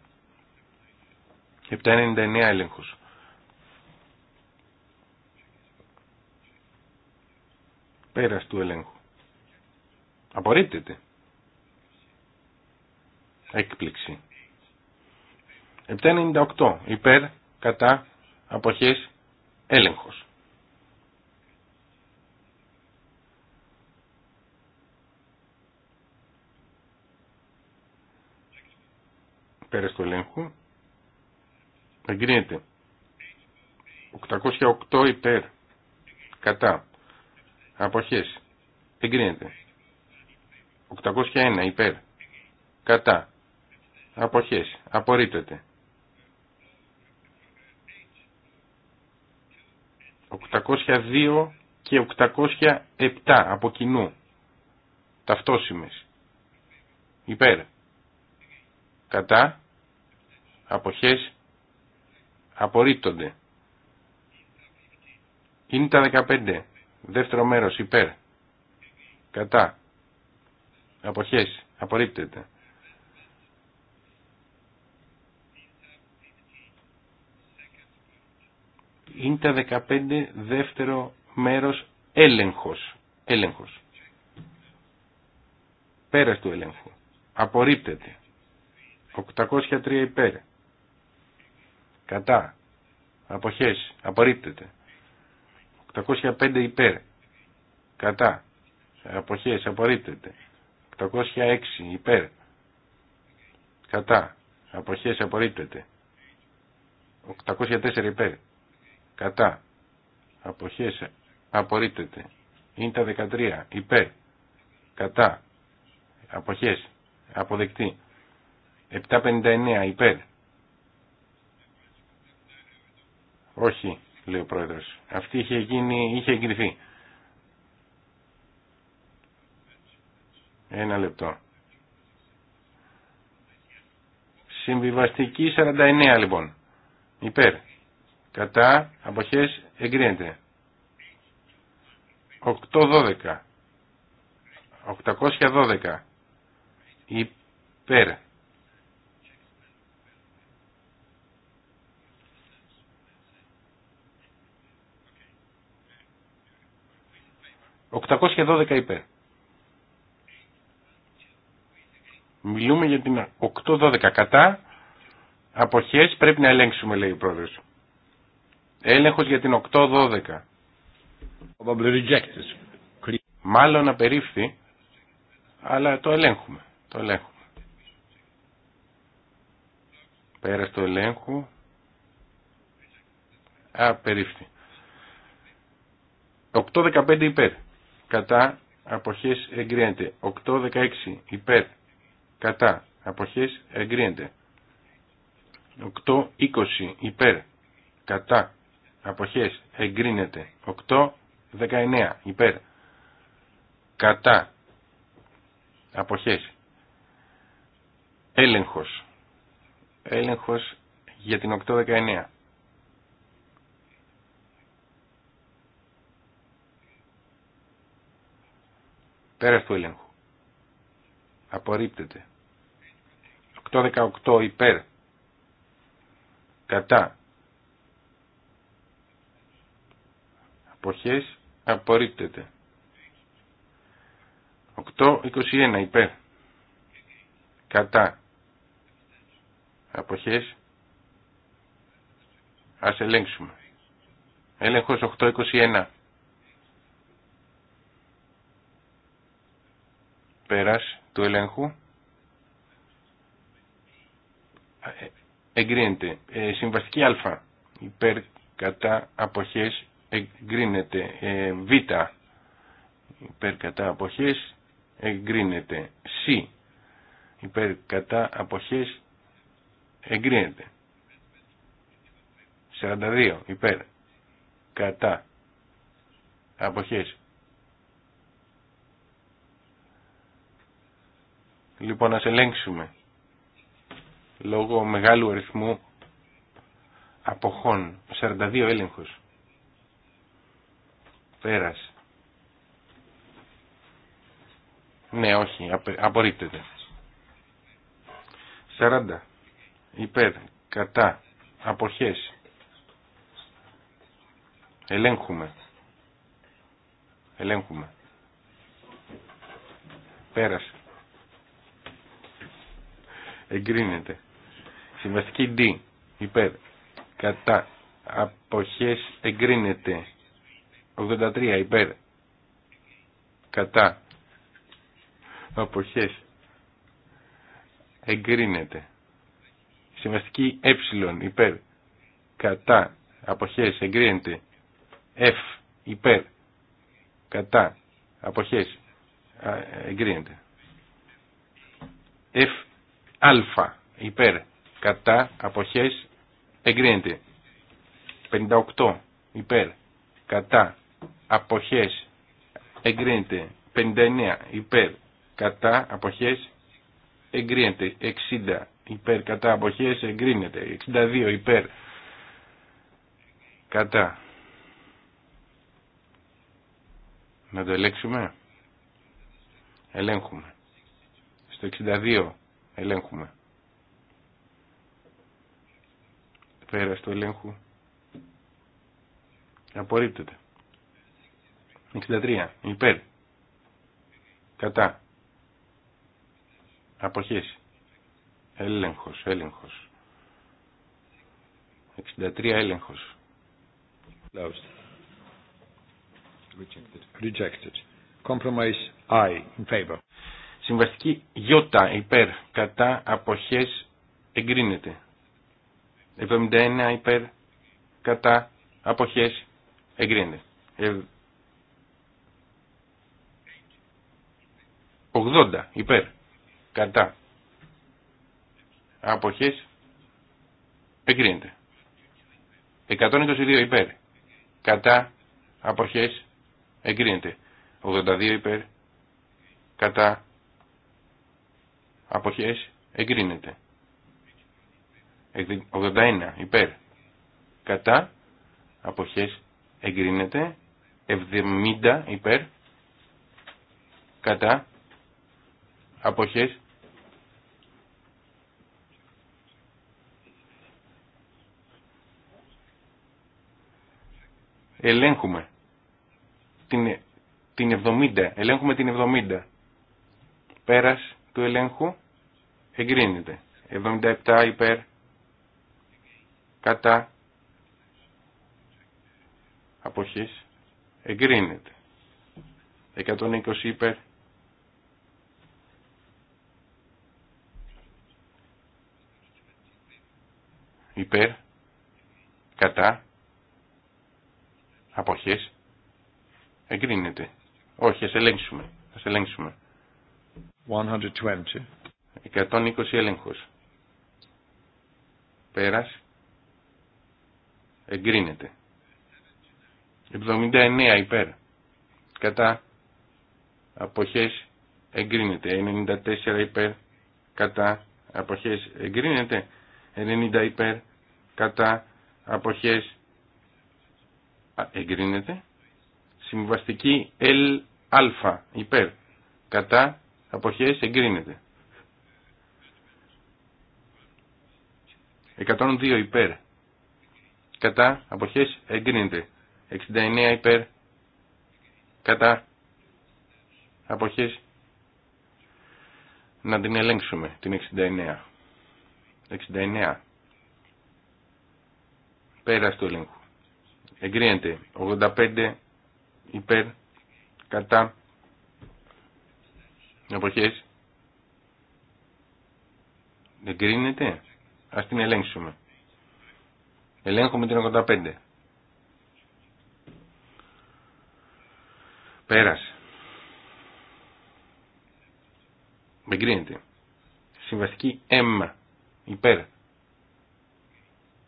799 έλεγχος. Πέρας του ελέγχου. Απορρίπτεται. Έκπληξη. 798 υπέρ κατά αποχές έλεγχος. στο το ελέγχου. Εγκρίνεται. 808 υπέρ. Κατά. Αποχές. Εγκρίνεται. 801 υπέρ. Κατά. Αποχές. Απορρίπτεται. 802 και 807 από κοινού. Ταυτόσιμες. Υπέρ. Κατά αποχές απορρίπτονται. Είναι τα 15. Δεύτερο μέρος υπέρ. Κατά. Αποχές. Απορρίπτεται. Είναι τα 15 δεύτερο μέρος έλεγχος. Έλεγχος. Πέρας του έλεγχου. Απορρίπτεται. 803 υπέρ κατά, αποχές, απορρίπτεται. 805 υπέρ, κατά, αποχές, απορρίπτεται. 806 υπέρ, κατά, αποχές, απορρίπτεται. 804 υπέρ, κατά, αποχές, απορρίπτεται. Είναι τα 13 υπέρ, κατά, αποχές, αποδεκτή. 759 υπέρ, Όχι, λέει ο πρόεδρο. Αυτή είχε, γίνει, είχε εγκριθεί. Ένα λεπτό. Συμβιβαστική 49 λοιπόν. Υπέρ. Κατά. Αποχές εγκρίνεται. 812. 812. Υπέρ. 812 υπέρ. Μιλούμε για την 812 κατά. Αποχές πρέπει να ελέγξουμε λέει ο πρόεδρος. Έλεγχος για την 812. Μάλλον απερίφθη, αλλά το ελέγχουμε. Το ελέγχουμε. Πέρα στο ελέγχου. 815 υπέρ κατά αποχές 8.16 8-16 υπέρ κατά αποχές εγκρίνεται. 8-20 υπέρ κατά αποχές εγκρινεται 8.19 8-19 υπέρ κατά αποχές έλεγχος έλεγχος για την 8-19 Πέρας του έλεγχου. Απορρίπτεται. 818 υπέρ. Κατά. Αποχές απορρίπτεται. 821 υπέρ. Κατά. Αποχές. Ας ελέγξουμε. Έλεγχος 821. πέρας του ελέγχου ε, εγκρίνεται. Ε, συμβαστική α υπέρ κατά αποχές εγκρίνεται. Ε, β υπέρ κατά αποχές εγκρίνεται. Σ υπέρ κατά αποχές εγκρίνεται. 42 υπέρ κατά αποχές Λοιπόν, να ελέγξουμε λόγω μεγάλου αριθμού αποχών. 42 έλεγχος. Πέρασε. Ναι, όχι, απορρίπτεται. 40. Υπέρ, κατά, αποχές. Ελέγχουμε. Ελέγχουμε. Πέρασε εγκρίνεται. Συμβαστική D υπέρ κατά αποχές εγκρίνεται. 83 υπέρ κατά αποχές εγκρίνεται. Συμβαστική ε υπέρ κατά αποχές εγκρίνεται. F υπέρ κατά αποχές εγκρίνεται. F α υπέρ κατά αποχές εγκρίνεται 58 υπέρ κατά αποχές εγκρίνεται 59 υπέρ κατά αποχές εγκρίνεται 60 υπέρ κατά αποχές εγκρίνεται 62 υπέρ κατά να το ελέγξουμε ελέγχουμε στο 62 Ελέγχουμε. Πέρα στο ελέγχου. Απορρίπτεται. 63. Υπέρ. Κατά. Αποχές. Έλεγχος, έλεγχος. 63 έλεγχος. Closed. Rejected. Rejected. Compromise I in favor. Συμβαστική γιώτα υπέρ κατά αποχές εγκρίνεται. 71 υπέρ κατά αποχές εγκρίνεται. 80 υπέρ κατά αποχές εγκρίνεται. 122 υπέρ κατά αποχές εγκρίνεται. 82 υπέρ κατά αποχές εγκρίνεται. 81 υπέρ κατά αποχές εγκρίνεται. 70 υπέρ κατά αποχές ελέγχουμε την, την 70, ελέγχουμε την 70 πέρας του ελέγχου εγκρίνεται. 77 υπέρ κατά αποχής εγκρίνεται. 120 υπέρ υπέρ κατά αποχής εγκρίνεται. Όχι, ας ελέγξουμε. Ας ελέγξουμε. 120. 120 έλεγχος. Πέρας. Εγκρίνεται. 79 υπέρ. Κατά. Αποχές. Εγκρίνεται. 94 υπέρ. Κατά. Αποχές. Εγκρίνεται. 90 υπέρ. Κατά. Αποχές. Εγκρίνεται. Συμβαστική L υπέρ. Κατά. Αποχές εγκρίνεται. 102 υπέρ. Κατά αποχές εγκρίνεται. 69 υπέρ. Κατά αποχές να την ελέγξουμε την 69. 69. Πέρα του ελέγχου. Εγκρίνεται. 85 υπέρ. Κατά αποχές εγκρίνεται. Ας την ελέγξουμε. Ελέγχουμε την 85. Πέρασε. Εγκρίνεται. Συμβαστική αίμα. Υπέρ.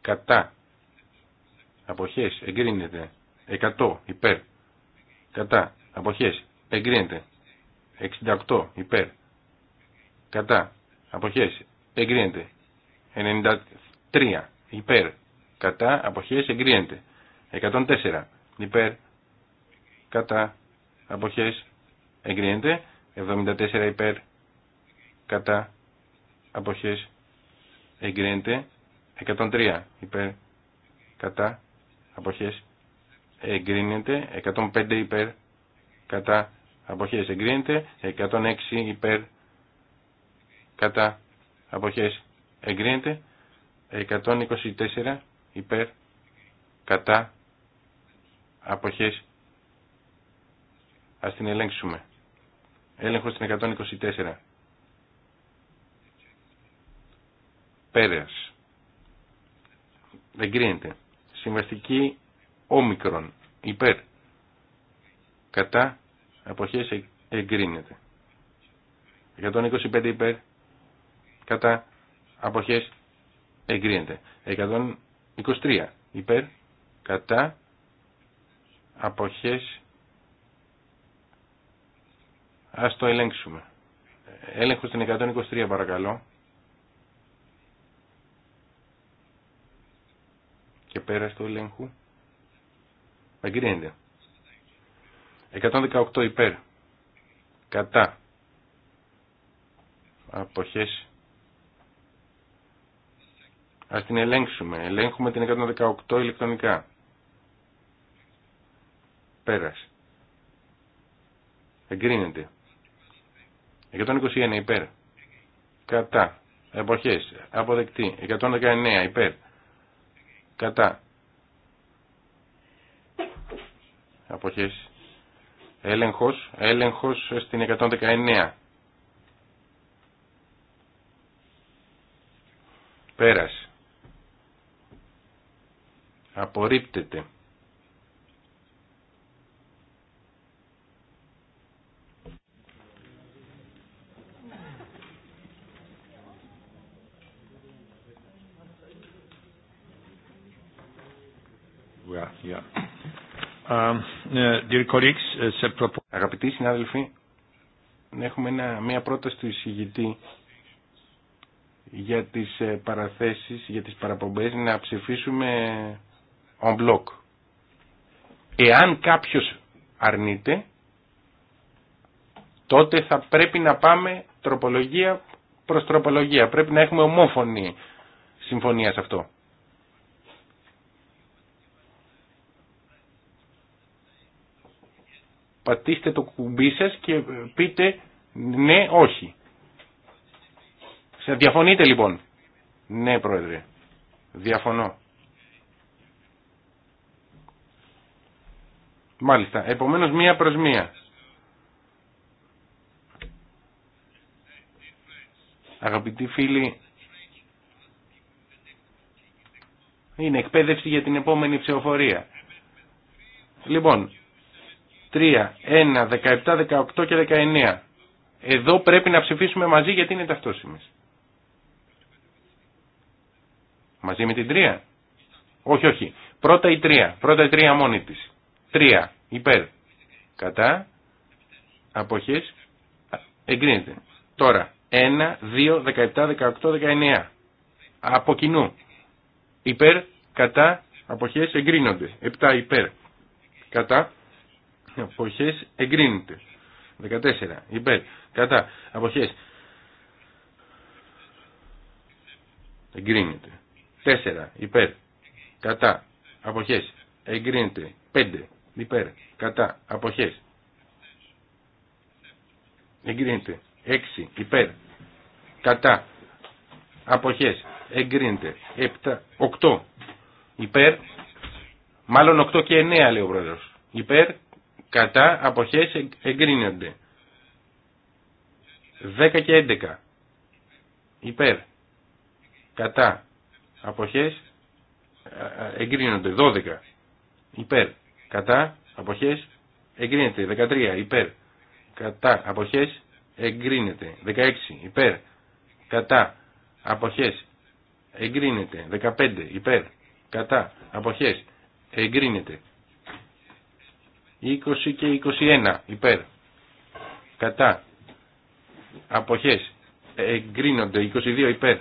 Κατά. Αποχές. Εγκρίνεται. 100. Υπέρ. Κατά. Αποχές. Εγκρίνεται. 68. Υπέρ. Κατά. Αποχές. Εγκρίνεται. 93 υπέρ κατά απόχέ εγκρίνεται. 104 υπέρ κατά αποχές εγκρίνεται. 74 υπέρ κατά αποχές εγκρίνεται. 103 υπέρ κατά αποχές εγκρίνεται. 105 υπέρ κατά απόχέ εγκρίνεται. 106 υπέρ κατά αποχές εγκρίνεται 124 υπέρ κατά αποχές ας την ελέγξουμε έλεγχο στην 124 πέρας εγκρίνεται συμβαστική όμικρον υπέρ κατά αποχές ε, εγκρίνεται 125 υπέρ κατά αποχές εγκρίνεται. 123 υπέρ κατά αποχές ας το ελέγξουμε. Έλεγχο στην 123 παρακαλώ. Και πέρα στο ελέγχου. Εγκρίνεται. 118 υπέρ. Κατά. Αποχές Ας την ελέγξουμε. Ελέγχουμε την 118 ηλεκτρονικά. Πέρας. Εγκρίνεται. 121 υπέρ. Κατά. Εποχές. Αποδεκτή. 119 υπέρ. Κατά. Αποχές. Έλεγχος. Έλεγχος στην 119. Πέρας. Απορρίπτεται. Um, uh, uh, Αγαπητοί συνάδελφοι, έχουμε ένα, μια πρόταση του εισηγητή για τις ε, παραθέσεις, για τις παραπομπές, να ψηφίσουμε en Εάν κάποιος αρνείται, τότε θα πρέπει να πάμε τροπολογία προς τροπολογία. Πρέπει να έχουμε ομόφωνη συμφωνία σε αυτό. Πατήστε το κουμπί σας και πείτε ναι, όχι. Διαφωνείτε λοιπόν. Ναι, Πρόεδρε. Διαφωνώ. Μάλιστα. Επομένως μία προς μία. Αγαπητοί φίλοι, είναι εκπαίδευση για την επόμενη ψηφοφορία. Λοιπόν, 3, 1, 17, 18 και 19. Εδώ πρέπει να ψηφίσουμε μαζί γιατί είναι ταυτόσιμες. Μαζί με την 3. Όχι, όχι. Πρώτα η 3. Πρώτα η 3 μόνη της. 3. Υπέρ. Κατά. Αποχές. Εγκρίνεται. Τώρα. 1, 2, 17, 18, 19. Από κοινού. Υπέρ. Κατά. Αποχές εγκρίνονται. 7 υπέρ. Κατά. Αποχές εγκρίνεται. 14 υπέρ. Κατά. Αποχές εγκρίνεται. 4 υπέρ. Κατά. Αποχές εγκρίνεται. 5 υπέρ, κατά, αποχές. Εγκρίνεται. 6 υπέρ, κατά, αποχές. Εγκρίνεται. 7, 8 υπέρ, μάλλον 8 και 9 λέει ο πρόεδρος. Υπέρ, κατά, αποχές εγκρίνονται. 10 και 11 υπέρ, κατά, αποχές ε, ε, εγκρίνονται. 12 υπέρ, κατά αποχές εγκρίνεται 13 υπέρ κατά αποχές εγκρίνεται 16 υπέρ κατά αποχές εγκρίνεται 15 υπέρ κατά αποχές εγκρίνεται 20 και 21 υπέρ κατά αποχές εγκρίνονται 22 υπέρ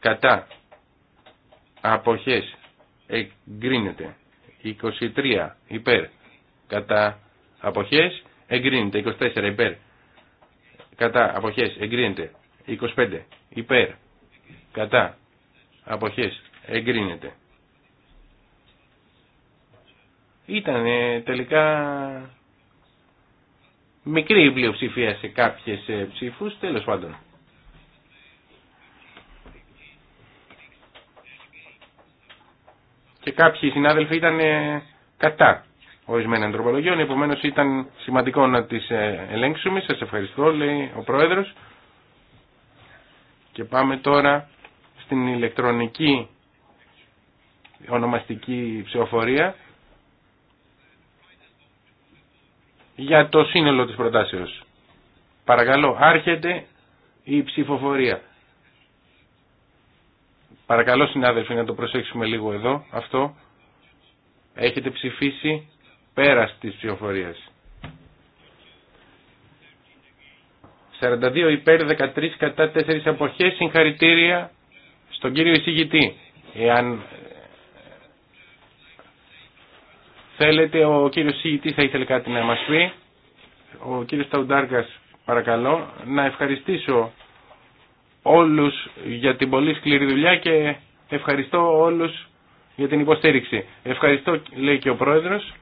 κατά αποχές εγκρίνεται 23 υπέρ κατά αποχές εγκρίνεται 24 υπέρ κατά αποχές εγκρίνεται 25 υπέρ κατά αποχές εγκρίνεται ήταν τελικά μικρή η πλειοψηφία σε κάποιες ε, ψήφους τέλος πάντων και κάποιοι συνάδελφοι ήταν ε, κατά ορισμένων τροπολογιών, επομένως ήταν σημαντικό να τις ε, ελέγξουμε. Σα ευχαριστώ, λέει ο Πρόεδρος. Και πάμε τώρα στην ηλεκτρονική ονομαστική ψηφοφορία για το σύνολο της προτάσεως. Παρακαλώ, άρχεται η ψηφοφορία. Παρακαλώ συνάδελφοι να το προσέξουμε λίγο εδώ αυτό. Έχετε ψηφίσει πέρας της ψηφοφορίας. 42 υπέρ 13 κατά 4 αποχές συγχαρητήρια στον κύριο εισηγητή. Εάν ε, θέλετε ο κύριος εισηγητή θα ήθελε κάτι να μας πει. Ο κύριος Ταουντάρκας παρακαλώ να ευχαριστήσω όλους για την πολύ σκληρή δουλειά και ευχαριστώ όλους για την υποστήριξη. Ευχαριστώ λέει και ο Πρόεδρος.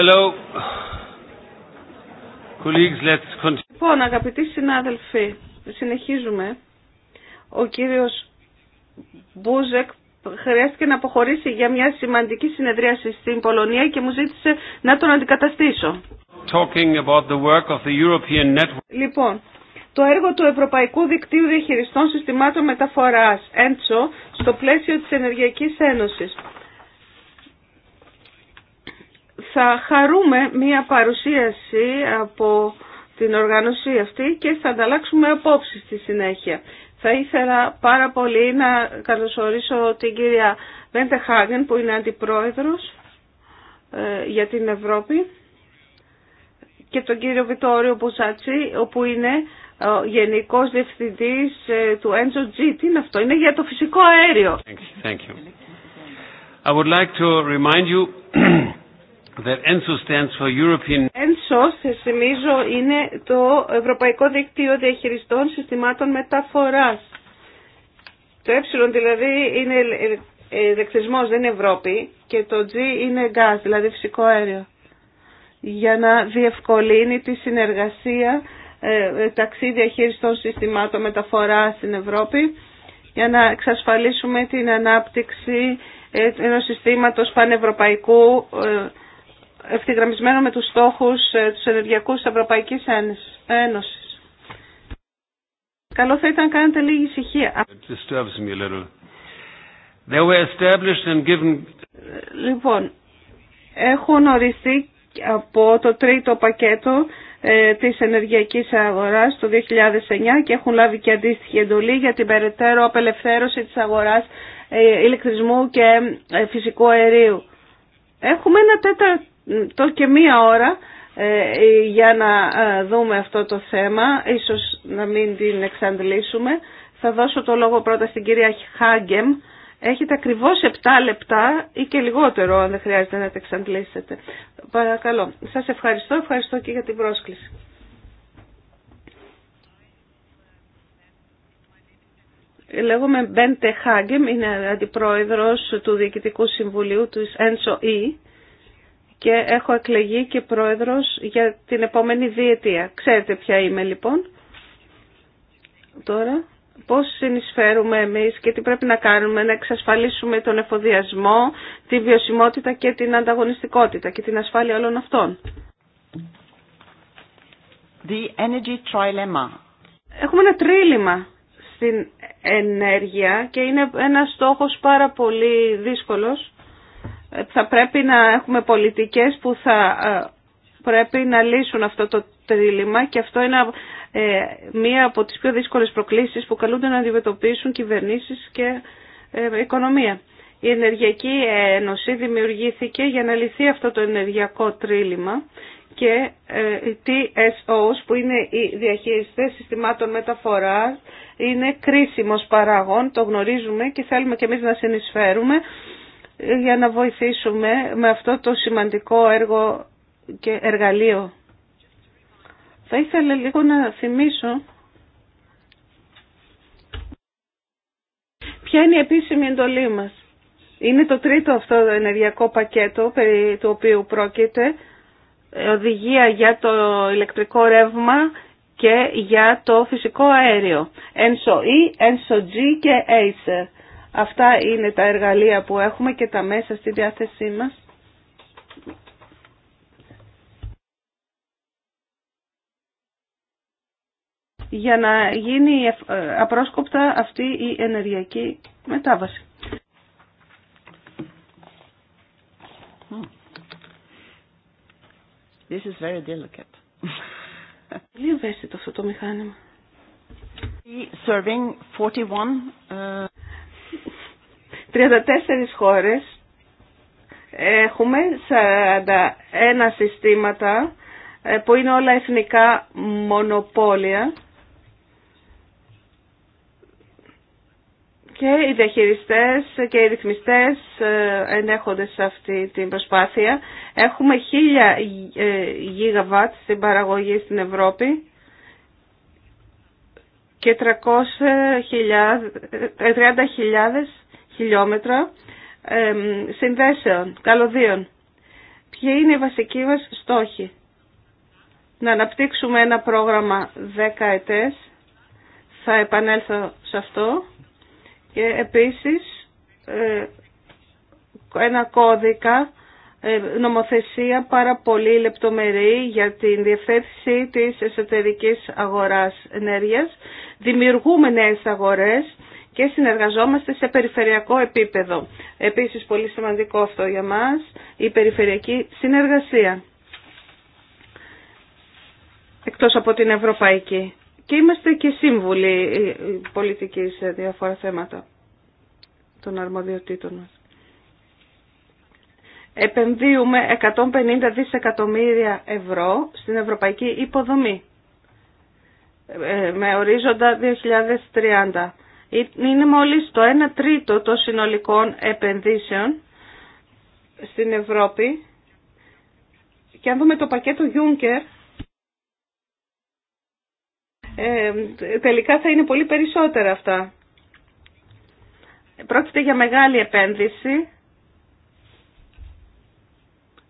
Hello. Colleagues, let's continue. Λοιπόν, αγαπητοί συνάδελφοι, συνεχίζουμε. Ο κύριος Μπούζεκ χρειάστηκε να αποχωρήσει για μια σημαντική συνεδρίαση στην Πολωνία και μου ζήτησε να τον αντικαταστήσω. about the work of the Λοιπόν, το έργο του Ευρωπαϊκού Δικτύου Διαχειριστών Συστημάτων Μεταφοράς, ΕΝΤΣΟ, στο πλαίσιο της Ενεργειακής Ένωσης θα χαρούμε μία παρουσίαση από την οργάνωση αυτή και θα ανταλλάξουμε απόψεις στη συνέχεια. Θα ήθελα πάρα πολύ να καλωσορίσω την κυρία Βέντε Χάγεν που είναι αντιπρόεδρος ε, για την Ευρώπη και τον κύριο Βιτόριο Μπουσάτσι όπου είναι ε, ο Γενικός Διευθυντής ε, του G. Τι είναι αυτό, είναι για το φυσικό αέριο. Thank you. That ENSO for European... σε θυμίζω, είναι το Ευρωπαϊκό Δίκτυο Διαχειριστών Συστημάτων Μεταφοράς. Το ε δηλαδή είναι ε, ε, δεξισμός δεν είναι Ευρώπη και το G είναι gas, δηλαδή φυσικό αέριο. Για να διευκολύνει τη συνεργασία μεταξύ ε, διαχειριστών συστημάτων μεταφοράς στην Ευρώπη για να εξασφαλίσουμε την ανάπτυξη ενός συστήματος πανευρωπαϊκού ευθυγραμμισμένο με τους στόχους ε, τους ενεργειακούς της Ευρωπαϊκής Ένωσης. Καλό θα ήταν να κάνετε λίγη ησυχία. Λοιπόν, έχουν οριστεί από το τρίτο πακέτο ε, της ενεργειακής αγοράς το 2009 και έχουν λάβει και αντίστοιχη εντολή για την περαιτέρω απελευθέρωση της αγοράς ε, ηλεκτρισμού και ε, φυσικού αερίου. Έχουμε ένα τέταρτο το και μία ώρα ε, για να ε, δούμε αυτό το θέμα, ίσως να μην την εξαντλήσουμε. Θα δώσω το λόγο πρώτα στην κυρία Χάγκεμ. Έχετε ακριβώς 7 λεπτά ή και λιγότερο αν δεν χρειάζεται να τα εξαντλήσετε. Παρακαλώ. Σας ευχαριστώ. Ευχαριστώ και για την πρόσκληση. Λέγομαι Μπέντε Χάγκεμ, είναι αντιπρόεδρος του Διοικητικού Συμβουλίου του ΕΝΣΟΗ και έχω εκλεγεί και πρόεδρος για την επόμενη διετία. Ξέρετε ποια είμαι λοιπόν τώρα. Πώς συνεισφέρουμε εμείς και τι πρέπει να κάνουμε να εξασφαλίσουμε τον εφοδιασμό, τη βιωσιμότητα και την ανταγωνιστικότητα και την ασφάλεια όλων αυτών. The energy trilemma. Έχουμε ένα τρίλημα στην ενέργεια και είναι ένας στόχος πάρα πολύ δύσκολος θα πρέπει να έχουμε πολιτικές που θα ε, πρέπει να λύσουν αυτό το τρίλημα και αυτό είναι ε, μία από τις πιο δύσκολες προκλήσεις που καλούνται να αντιμετωπίσουν κυβερνήσεις και ε, οικονομία. Η Ενεργειακή Ένωση δημιουργήθηκε για να λυθεί αυτό το ενεργειακό τρίλημα και οι TSOs που είναι οι διαχειριστές συστημάτων μεταφοράς είναι κρίσιμος παράγων, το γνωρίζουμε και θέλουμε και εμείς να συνεισφέρουμε για να βοηθήσουμε με αυτό το σημαντικό έργο και εργαλείο. Θα ήθελα λίγο να θυμίσω ποια είναι η επίσημη εντολή μας. Είναι το τρίτο αυτό ενεργειακό πακέτο περί του οποίου πρόκειται οδηγία για το ηλεκτρικό ρεύμα και για το φυσικό αέριο. ENSO-E, ENSO-G και ACER. Αυτά είναι τα εργαλεία που έχουμε και τα μέσα στη διάθεσή μας. για να γίνει ε, απρόσκοπτα αυτή η ενεργειακή μετάβαση. Hmm. This is very delicate. Πολύ ευαίσθητο αυτό το μηχάνημα. Serving 41, uh... 34 χώρες έχουμε 41 συστήματα ε, που είναι όλα εθνικά μονοπόλια και οι διαχειριστές και οι ρυθμιστές ε, ενέχονται σε αυτή την προσπάθεια. Έχουμε 1000 ε, γίγαβατ στην παραγωγή στην Ευρώπη και 30.000 χιλιόμετρα συνδέσεων, καλωδίων. Ποιοι είναι οι βασικοί μας στόχοι. Να αναπτύξουμε ένα πρόγραμμα Δέκα ετές. Θα επανέλθω σε αυτό. Και επίσης ε, ένα κώδικα ε, νομοθεσία πάρα πολύ λεπτομερή για την διευθέτηση της εσωτερικής αγοράς ενέργειας. Δημιουργούμε νέες αγορές και συνεργαζόμαστε σε περιφερειακό επίπεδο. Επίσης πολύ σημαντικό αυτό για μας, η περιφερειακή συνεργασία. Εκτός από την ευρωπαϊκή. Και είμαστε και σύμβουλοι πολιτικής σε διάφορα θέματα των αρμοδιοτήτων μας. Επενδύουμε 150 δισεκατομμύρια ευρώ στην ευρωπαϊκή υποδομή ε, με ορίζοντα 2030 είναι μόλις το 1 τρίτο των συνολικών επενδύσεων στην Ευρώπη. Και αν δούμε το πακέτο Juncker, ε, τελικά θα είναι πολύ περισσότερα αυτά. Πρόκειται για μεγάλη επένδυση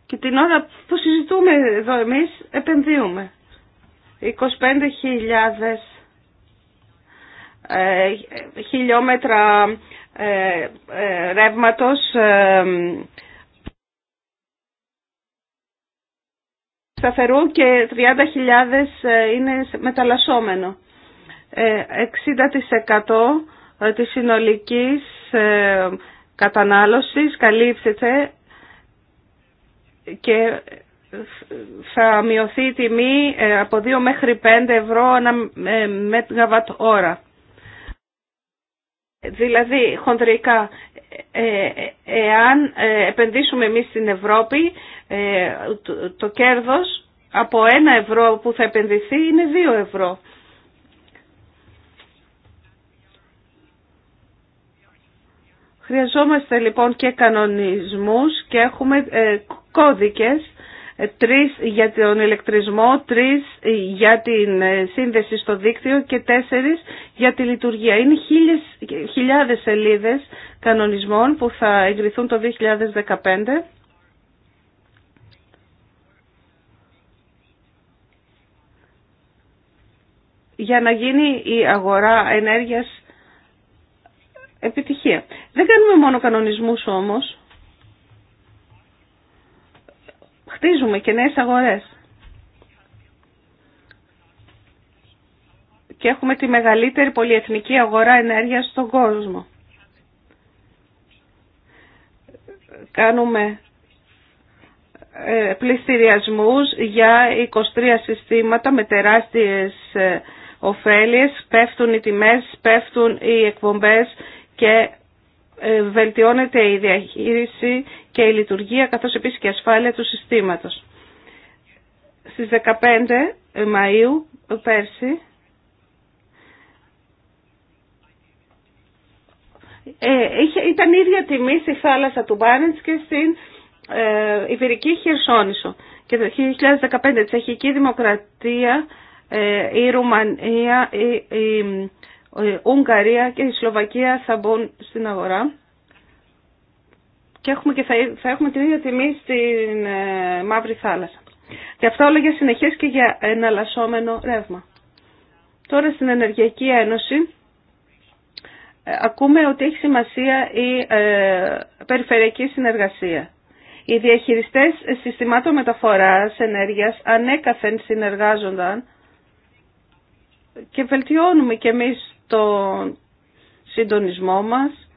και την ώρα που συζητούμε εδώ εμείς επενδύουμε. 25.000 ε, χιλιόμετρα ε, ε, ρεύματος σταθερού και 30.000 είναι μεταλλασσόμενο. 60% της συνολικής κατανάλωσης καλύφθηκε και θα μειωθεί η τιμή από 2 μέχρι 5 ευρώ ένα μεγαβατ ώρα. Δηλαδή, χοντρικά, ε, ε, εάν ε, επενδύσουμε εμείς στην Ευρώπη, το κέρδος από ένα ευρώ που θα επενδυθεί είναι δύο ευρώ. Χρειαζόμαστε λοιπόν και κανονισμούς και έχουμε κώδικες ε, τρεις για τον ηλεκτρισμό, τρεις για την ε, σύνδεση στο δίκτυο και τέσσερις για τη λειτουργία. Είναι χίλιες, χιλιάδες σελίδες κανονισμών που θα εγκριθούν το 2015. για να γίνει η αγορά ενέργειας επιτυχία. Δεν κάνουμε μόνο κανονισμούς όμως. χτίζουμε και νέες αγορές. Και έχουμε τη μεγαλύτερη πολυεθνική αγορά ενέργειας στον κόσμο. Κάνουμε ε, πληστηριασμούς για 23 συστήματα με τεράστιες ε, ωφέλειες. Πέφτουν οι τιμές, πέφτουν οι εκπομπές και ε, βελτιώνεται η διαχείριση και η λειτουργία καθώς επίσης και η ασφάλεια του συστήματος. Στις 15 Μαΐου πέρσι ε, ήταν ίδια τιμή στη θάλασσα του Μπάνιτς και στην ε, Χερσόνησο. Και το 2015 η Τσεχική Δημοκρατία, ε, η Ρουμανία, η, η η ε, Ουγγαρία και η Σλοβακία θα μπουν στην αγορά. Και έχουμε και θα, έχουμε την ίδια τιμή στην ε, Μαύρη Θάλασσα. Και αυτό όλα για συνεχές και για εναλλασσόμενο ρεύμα. Τώρα στην Ενεργειακή Ένωση ε, ακούμε ότι έχει σημασία η περιφερειακή συνεργασία. Οι διαχειριστές συστημάτων μεταφοράς ενέργειας ανέκαθεν συνεργάζονταν και βελτιώνουμε και εμείς τον συντονισμό μας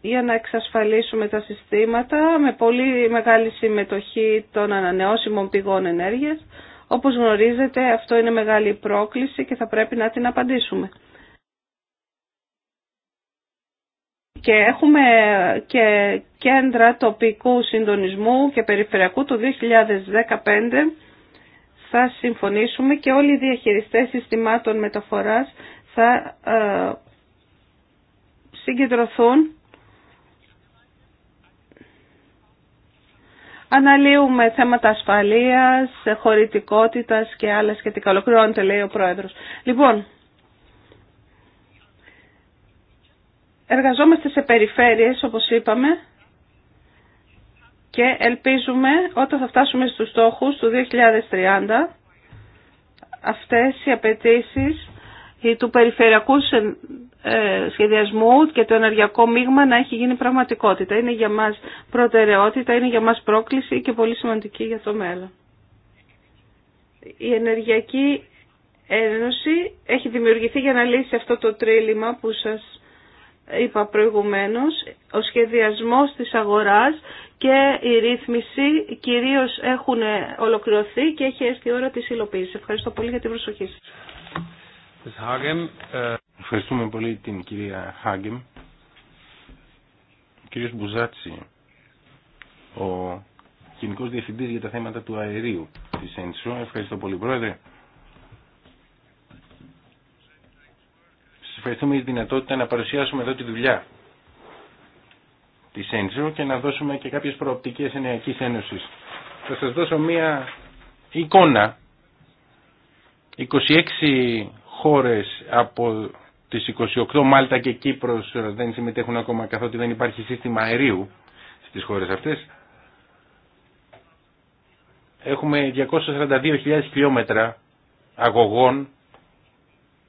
για να εξασφαλίσουμε τα συστήματα με πολύ μεγάλη συμμετοχή των ανανεώσιμων πηγών ενέργειας. Όπως γνωρίζετε αυτό είναι μεγάλη πρόκληση και θα πρέπει να την απαντήσουμε. Και έχουμε και κέντρα τοπικού συντονισμού και περιφερειακού το 2015 θα συμφωνήσουμε και όλοι οι διαχειριστές συστημάτων μεταφοράς θα ε, συγκεντρωθούν. Αναλύουμε θέματα ασφαλείας, χωρητικότητας και άλλα σχετικά. Ολοκληρώνεται, λέει ο Πρόεδρος. Λοιπόν, εργαζόμαστε σε περιφέρειες, όπως είπαμε, και ελπίζουμε όταν θα φτάσουμε στους στόχους του 2030 αυτές οι απαιτήσει του περιφερειακού ε, σχεδιασμού και το ενεργειακό μείγμα να έχει γίνει πραγματικότητα. Είναι για μας προτεραιότητα, είναι για μας πρόκληση και πολύ σημαντική για το μέλλον. Η Ενεργειακή Ένωση έχει δημιουργηθεί για να λύσει αυτό το τρίλημα που σας είπα προηγουμένως, ο σχεδιασμός της αγοράς και η ρύθμιση κυρίως έχουν ολοκληρωθεί και έχει έρθει η ώρα της υλοποίησης. Ευχαριστώ πολύ για την προσοχή σας. Ε, Ευχαριστούμε πολύ την κυρία Χάγκεμ. Ο κύριος Μπουζάτση, ο Γενικός Διευθυντής για τα θέματα του αερίου της ΕΝΣΟ. Ευχαριστώ πολύ πρόεδρε. ευχαριστούμε για τη δυνατότητα να παρουσιάσουμε εδώ τη δουλειά της ΕΝΖΟ και να δώσουμε και κάποιες προοπτικές ενιακής ένωσης. Θα σας δώσω μία εικόνα. 26 χώρες από τις 28 Μάλτα και Κύπρος δεν συμμετέχουν ακόμα καθότι δεν υπάρχει σύστημα αερίου στις χώρες αυτές. Έχουμε 242.000 χιλιόμετρα αγωγών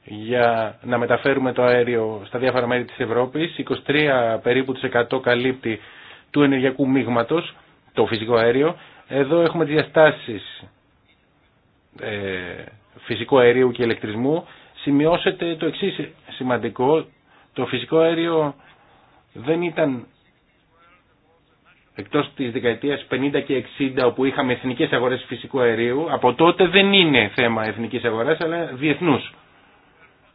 για να μεταφέρουμε το αέριο στα διάφορα μέρη της Ευρώπης. 23 περίπου της 100 καλύπτει του ενεργειακού μείγματος, το φυσικό αέριο. Εδώ έχουμε τις διαστάσεις ε, φυσικού αερίου και ηλεκτρισμού. Σημειώσετε το εξή σημαντικό, το φυσικό αέριο δεν ήταν εκτός της δεκαετίας 50 και 60 όπου είχαμε εθνικές αγορές φυσικού αερίου, από τότε δεν είναι θέμα εθνικής αγοράς αλλά διεθνούς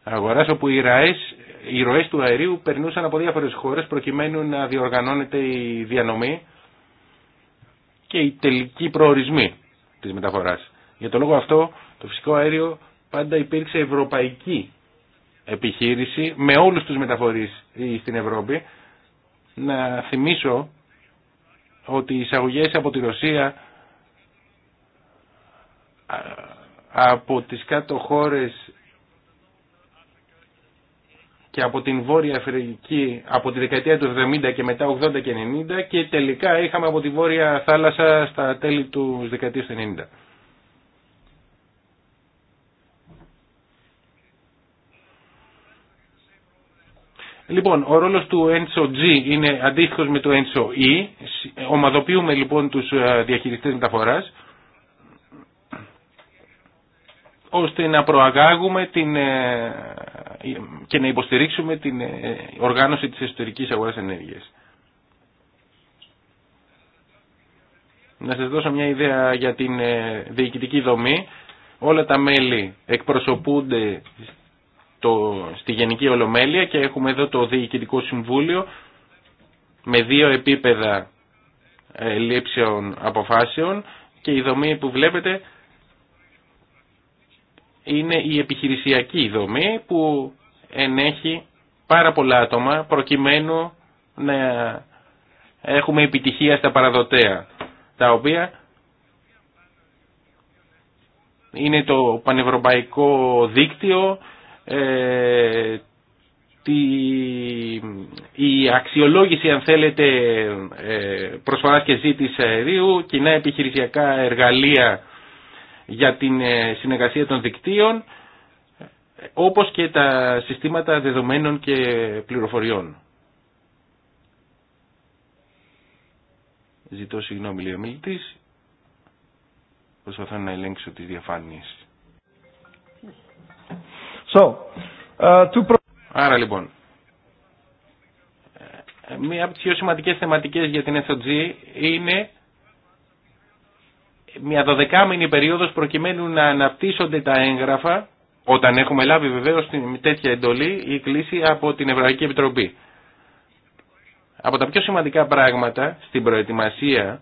Αγορά όπου οι, ραές, ροές του αερίου περνούσαν από διάφορε χώρε προκειμένου να διοργανώνεται η διανομή και η τελική προορισμή της μεταφοράς. Για τον λόγο αυτό το φυσικό αέριο πάντα υπήρξε ευρωπαϊκή επιχείρηση με όλους τους μεταφορείς στην Ευρώπη. Να θυμίσω ότι οι εισαγωγέ από τη Ρωσία από τις κάτω χώρες και από την Βόρεια Αφρική από τη δεκαετία του 70 και μετά 80 και 90 και τελικά είχαμε από τη Βόρεια Θάλασσα στα τέλη του δεκαετίας του 90. Λοιπόν, ο ρόλος του ENSO-G είναι αντίστοιχος με το ENSO-E. Ομαδοποιούμε λοιπόν τους ε, διαχειριστές μεταφοράς ώστε να προαγάγουμε την, ε, και να υποστηρίξουμε την ε, οργάνωση της εσωτερικής αγοράς ενέργειας. Να σας δώσω μια ιδέα για την ε, διοικητική δομή. Όλα τα μέλη εκπροσωπούνται το, στη Γενική Ολομέλεια και έχουμε εδώ το Διοικητικό Συμβούλιο με δύο επίπεδα λήψεων αποφάσεων και η δομή που βλέπετε είναι η επιχειρησιακή δομή που ενέχει πάρα πολλά άτομα προκειμένου να έχουμε επιτυχία στα παραδοτέα τα οποία είναι το πανευρωπαϊκό δίκτυο ε, τη, η αξιολόγηση αν θέλετε ε, προσφοράς και ζήτηση αερίου κοινά επιχειρησιακά εργαλεία για την ε, συνεργασία των δικτύων όπως και τα συστήματα δεδομένων και πληροφοριών. Ζητώ συγγνώμη λέει ο μιλητής. Προσπαθώ να ελέγξω τις διαφάνειες. So, ε, Άρα λοιπόν, ε, μία από τις πιο σημαντικές θεματικές για την SOG είναι μια δωδεκάμινη περίοδος προκειμένου να αναπτύσσονται τα έγγραφα, όταν έχουμε λάβει βεβαίως τέτοια εντολή η κλίση από την Ευρωπαϊκή Επιτροπή. Από τα πιο σημαντικά πράγματα στην προετοιμασία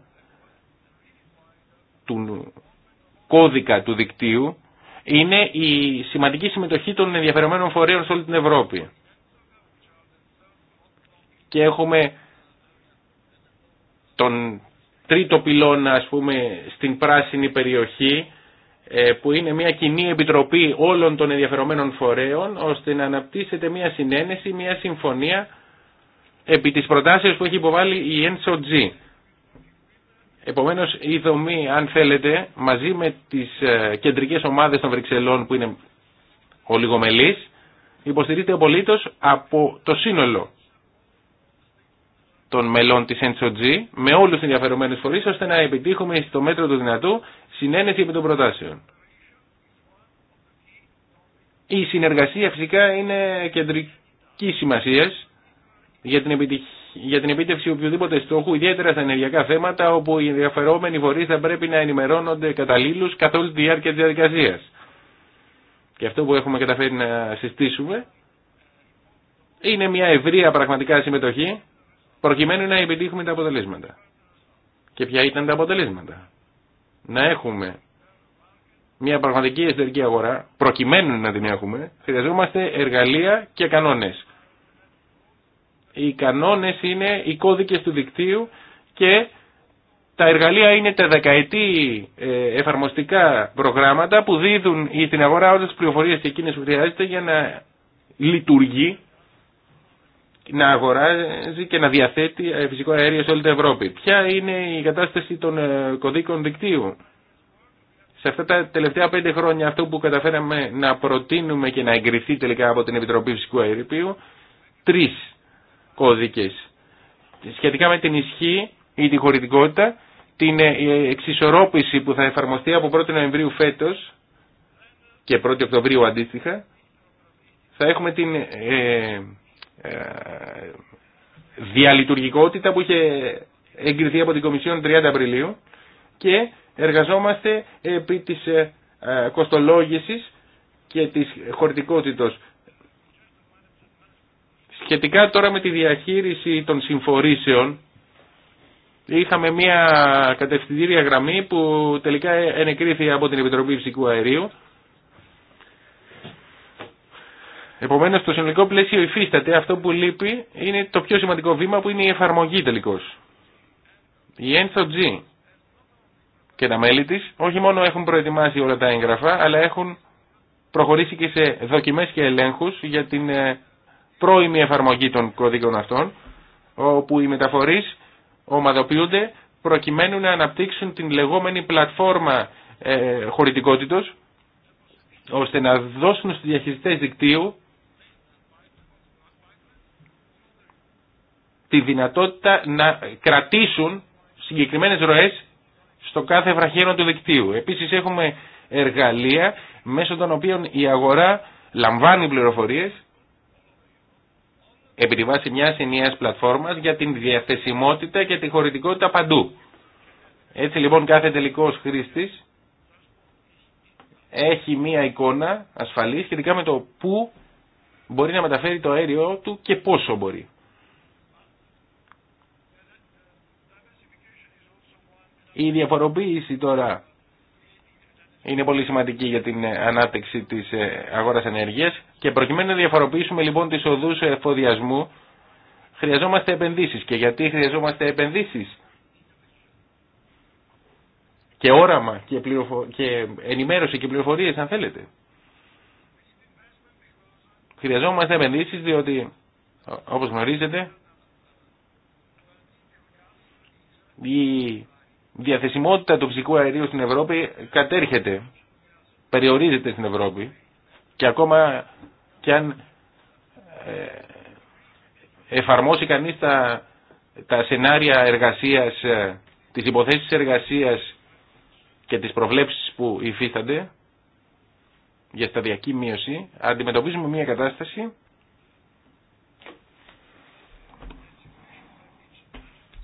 του κώδικα του δικτύου είναι η σημαντική συμμετοχή των ενδιαφερομένων φορέων σε όλη την Ευρώπη. Και έχουμε τον τρίτο πυλώνα ας πούμε στην πράσινη περιοχή ε, που είναι μια κοινή επιτροπή όλων των ενδιαφερομένων φορέων ώστε να αναπτύσσεται μια συνένεση, μια συμφωνία επί της προτάσεως που έχει υποβάλει η NSOG. Επομένως η δομή αν θέλετε μαζί με τις ε, κεντρικές ομάδες των Βρυξελών που είναι ο ολιγομελείς υποστηρίζεται απολύτως από το σύνολο των μελών της NSOG με όλους τους ενδιαφερομένους φορείς ώστε να επιτύχουμε στο μέτρο του δυνατού συνένεση επί των προτάσεων. Η συνεργασία φυσικά είναι κεντρική σημασία για την επιτυχία για την επίτευξη οποιοδήποτε στόχου, ιδιαίτερα στα ενεργειακά θέματα, όπου οι ενδιαφερόμενοι φορεί θα πρέπει να ενημερώνονται καταλήλου καθ' όλη τη διάρκεια τη διαδικασία. Και αυτό που έχουμε καταφέρει να συστήσουμε είναι μια ευρεία πραγματικά συμμετοχή προκειμένου να επιτύχουμε τα αποτελέσματα. Και ποια ήταν τα αποτελέσματα. Να έχουμε μια πραγματική εσωτερική αγορά, προκειμένου να την έχουμε, χρειαζόμαστε εργαλεία και κανόνες. Οι κανόνες είναι οι κώδικες του δικτύου και τα εργαλεία είναι τα δεκαετή ε, εφαρμοστικά προγράμματα που δίδουν στην αγορά όλες τις πληροφορίες και εκείνες που χρειάζεται για να λειτουργεί να αγοράζει και να διαθέτει ε, φυσικό αέριο σε όλη την Ευρώπη. Ποια είναι η κατάσταση των ε, κωδίκων δικτύου. Σε αυτά τα τελευταία πέντε χρόνια αυτό που καταφέραμε να προτείνουμε και να εγκριθεί τελικά από την Επιτροπή Φυσικού Αερίου, τρεις κώδικες σχετικά με την ισχύ ή την χωρητικότητα, την ε, εξισορρόπηση που θα εφαρμοστεί από 1η Νοεμβρίου φέτος και 1η Οκτωβρίου αντίστοιχα, θα έχουμε την ε, ε, διαλειτουργικότητα που είχε εγκριθεί από την Κομισιόν 30 Απριλίου και εργαζόμαστε επί της ε, κοστολόγησης και της χωρητικότητος. Σχετικά τώρα με τη διαχείριση των συμφορήσεων, είχαμε μια κατευθυντήρια γραμμή που τελικά ενεκρίθηκε από την Επιτροπή Φυσικού Αερίου Επομένως το συνολικό πλαίσιο υφίσταται, αυτό που λείπει είναι το πιο σημαντικό βήμα που είναι η εφαρμογή τελικώς. Η ένθο G και τα μέλη της όχι μόνο έχουν προετοιμάσει όλα τα έγγραφα αλλά έχουν προχωρήσει και σε δοκιμές και ελέγχους για την ε, πρώιμη εφαρμογή των κωδίκων αυτών όπου οι μεταφορείς ομαδοποιούνται προκειμένου να αναπτύξουν την λεγόμενη πλατφόρμα ε, χωρητικότητος ώστε να δώσουν στους διαχειριστές δικτύου τη δυνατότητα να κρατήσουν συγκεκριμένες ροές στο κάθε βραχαίρο του δικτύου. Επίσης έχουμε εργαλεία μέσω των οποίων η αγορά λαμβάνει πληροφορίες επί τη βάση μιας ενιαίας πλατφόρμας για την διαθεσιμότητα και τη χωρητικότητα παντού. Έτσι λοιπόν κάθε τελικός χρήστης έχει μία εικόνα ασφαλής σχετικά με το πού μπορεί να μεταφέρει το αέριό του και πόσο μπορεί. Η διαφοροποίηση τώρα είναι πολύ σημαντική για την ε, ανάπτυξη της ε, αγοράς ενέργειας και προκειμένου να διαφοροποιήσουμε λοιπόν τις οδούς ε, εφοδιασμού χρειαζόμαστε επενδύσεις. Και γιατί χρειαζόμαστε επενδύσεις και όραμα και, πληροφο... και ενημέρωση και πληροφορίες αν θέλετε. Χρειαζόμαστε επενδύσεις διότι όπως γνωρίζετε η διαθεσιμότητα του φυσικού αερίου στην Ευρώπη κατέρχεται, περιορίζεται στην Ευρώπη και ακόμα και αν ε, εφαρμόσει κανείς τα, τα σενάρια εργασίας, ε, τις υποθέσεις εργασίας και τις προβλέψεις που υφίστανται για σταδιακή μείωση, αντιμετωπίζουμε μια κατάσταση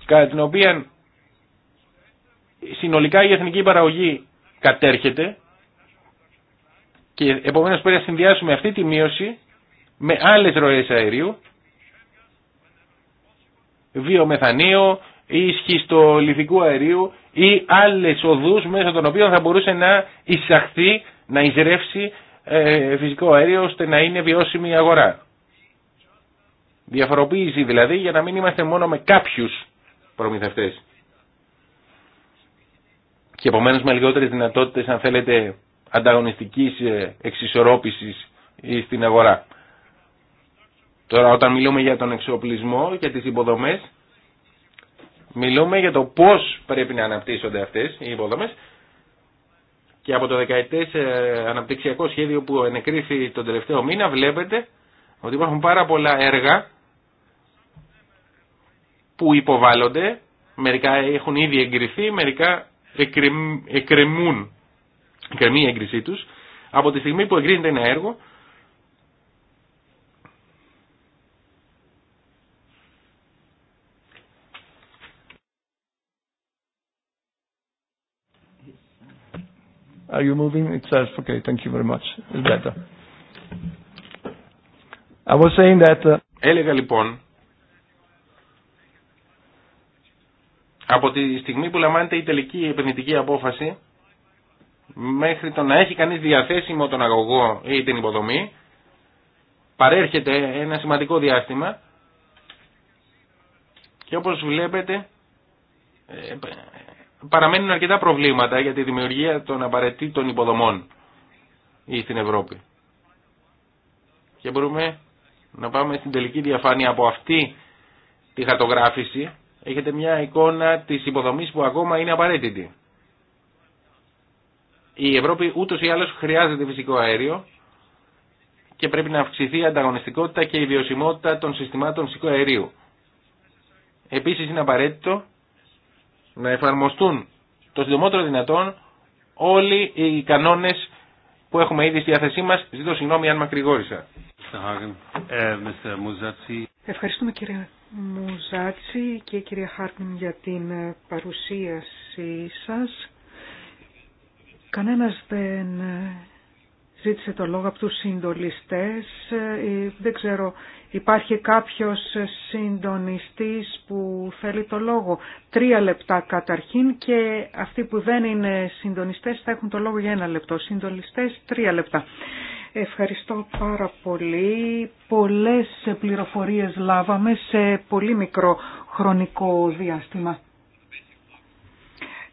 κατά την οποία συνολικά η εθνική παραγωγή κατέρχεται και επομένως πρέπει να συνδυάσουμε αυτή τη μείωση με άλλες ροές αερίου, βιομεθανείο ή σχιστολιθικού αερίου ή άλλες οδούς μέσα των οποίων θα μπορούσε να εισαχθεί, να εισρεύσει ε, φυσικό αέριο ώστε να είναι βιώσιμη η αγορά. Διαφοροποίηση δηλαδή για να μην είμαστε μόνο με κάποιους προμηθευτές και επομένω με λιγότερες δυνατότητες αν θέλετε ανταγωνιστική ε, εξισορρόπηση στην αγορά. Τώρα όταν μιλούμε για τον εξοπλισμό και τι υποδομέ, μιλούμε για το πώ πρέπει να αναπτύσσονται αυτέ οι υποδομέ και από το δεκαετέ ε, αναπτυξιακό σχέδιο που ενεκρίθη τον τελευταίο μήνα βλέπετε ότι υπάρχουν πάρα πολλά έργα που υποβάλλονται, μερικά έχουν ήδη εγκριθεί, μερικά εκκρεμούν, εκκρεμεί η έγκρισή τους, από τη στιγμή που εγκρίνεται ένα έργο, Are you moving itself? Uh, okay, thank you very much. It's better. I was saying that. Uh, Έλεγα λοιπόν από τη στιγμή που λαμβάνεται η τελική επενδυτική απόφαση μέχρι το να έχει κανείς διαθέσιμο τον αγωγό ή την υποδομή παρέρχεται ένα σημαντικό διάστημα και όπως βλέπετε ε, παραμένουν αρκετά προβλήματα για τη δημιουργία των απαραίτητων υποδομών ή στην Ευρώπη. Και μπορούμε να πάμε στην τελική διαφάνεια από αυτή τη χαρτογράφηση έχετε μια εικόνα της υποδομής που ακόμα είναι απαραίτητη. Η Ευρώπη ούτως ή άλλως χρειάζεται φυσικό αέριο και πρέπει να αυξηθεί η ανταγωνιστικότητα και η βιωσιμότητα των συστημάτων φυσικού αερίου. Επίσης είναι απαραίτητο να εφαρμοστούν το συντομότερο δυνατόν όλοι οι κανόνες που έχουμε ήδη στη διάθεσή μας. Ζητώ συγγνώμη αν μακρηγόρησα. Ε, Ευχαριστούμε κύριε Μουζάτσι και κυρία Χάρτιν για την ε, παρουσίαση σας. Κανένας δεν ε, ζήτησε το λόγο από τους συντονιστές. Ε, δεν ξέρω, υπάρχει κάποιος συντονιστής που θέλει το λόγο. Τρία λεπτά καταρχήν και αυτοί που δεν είναι συντονιστές θα έχουν το λόγο για ένα λεπτό. Συντονιστές τρία λεπτά. Ευχαριστώ πάρα πολύ. Πολλές πληροφορίες λάβαμε σε πολύ μικρό χρονικό διάστημα.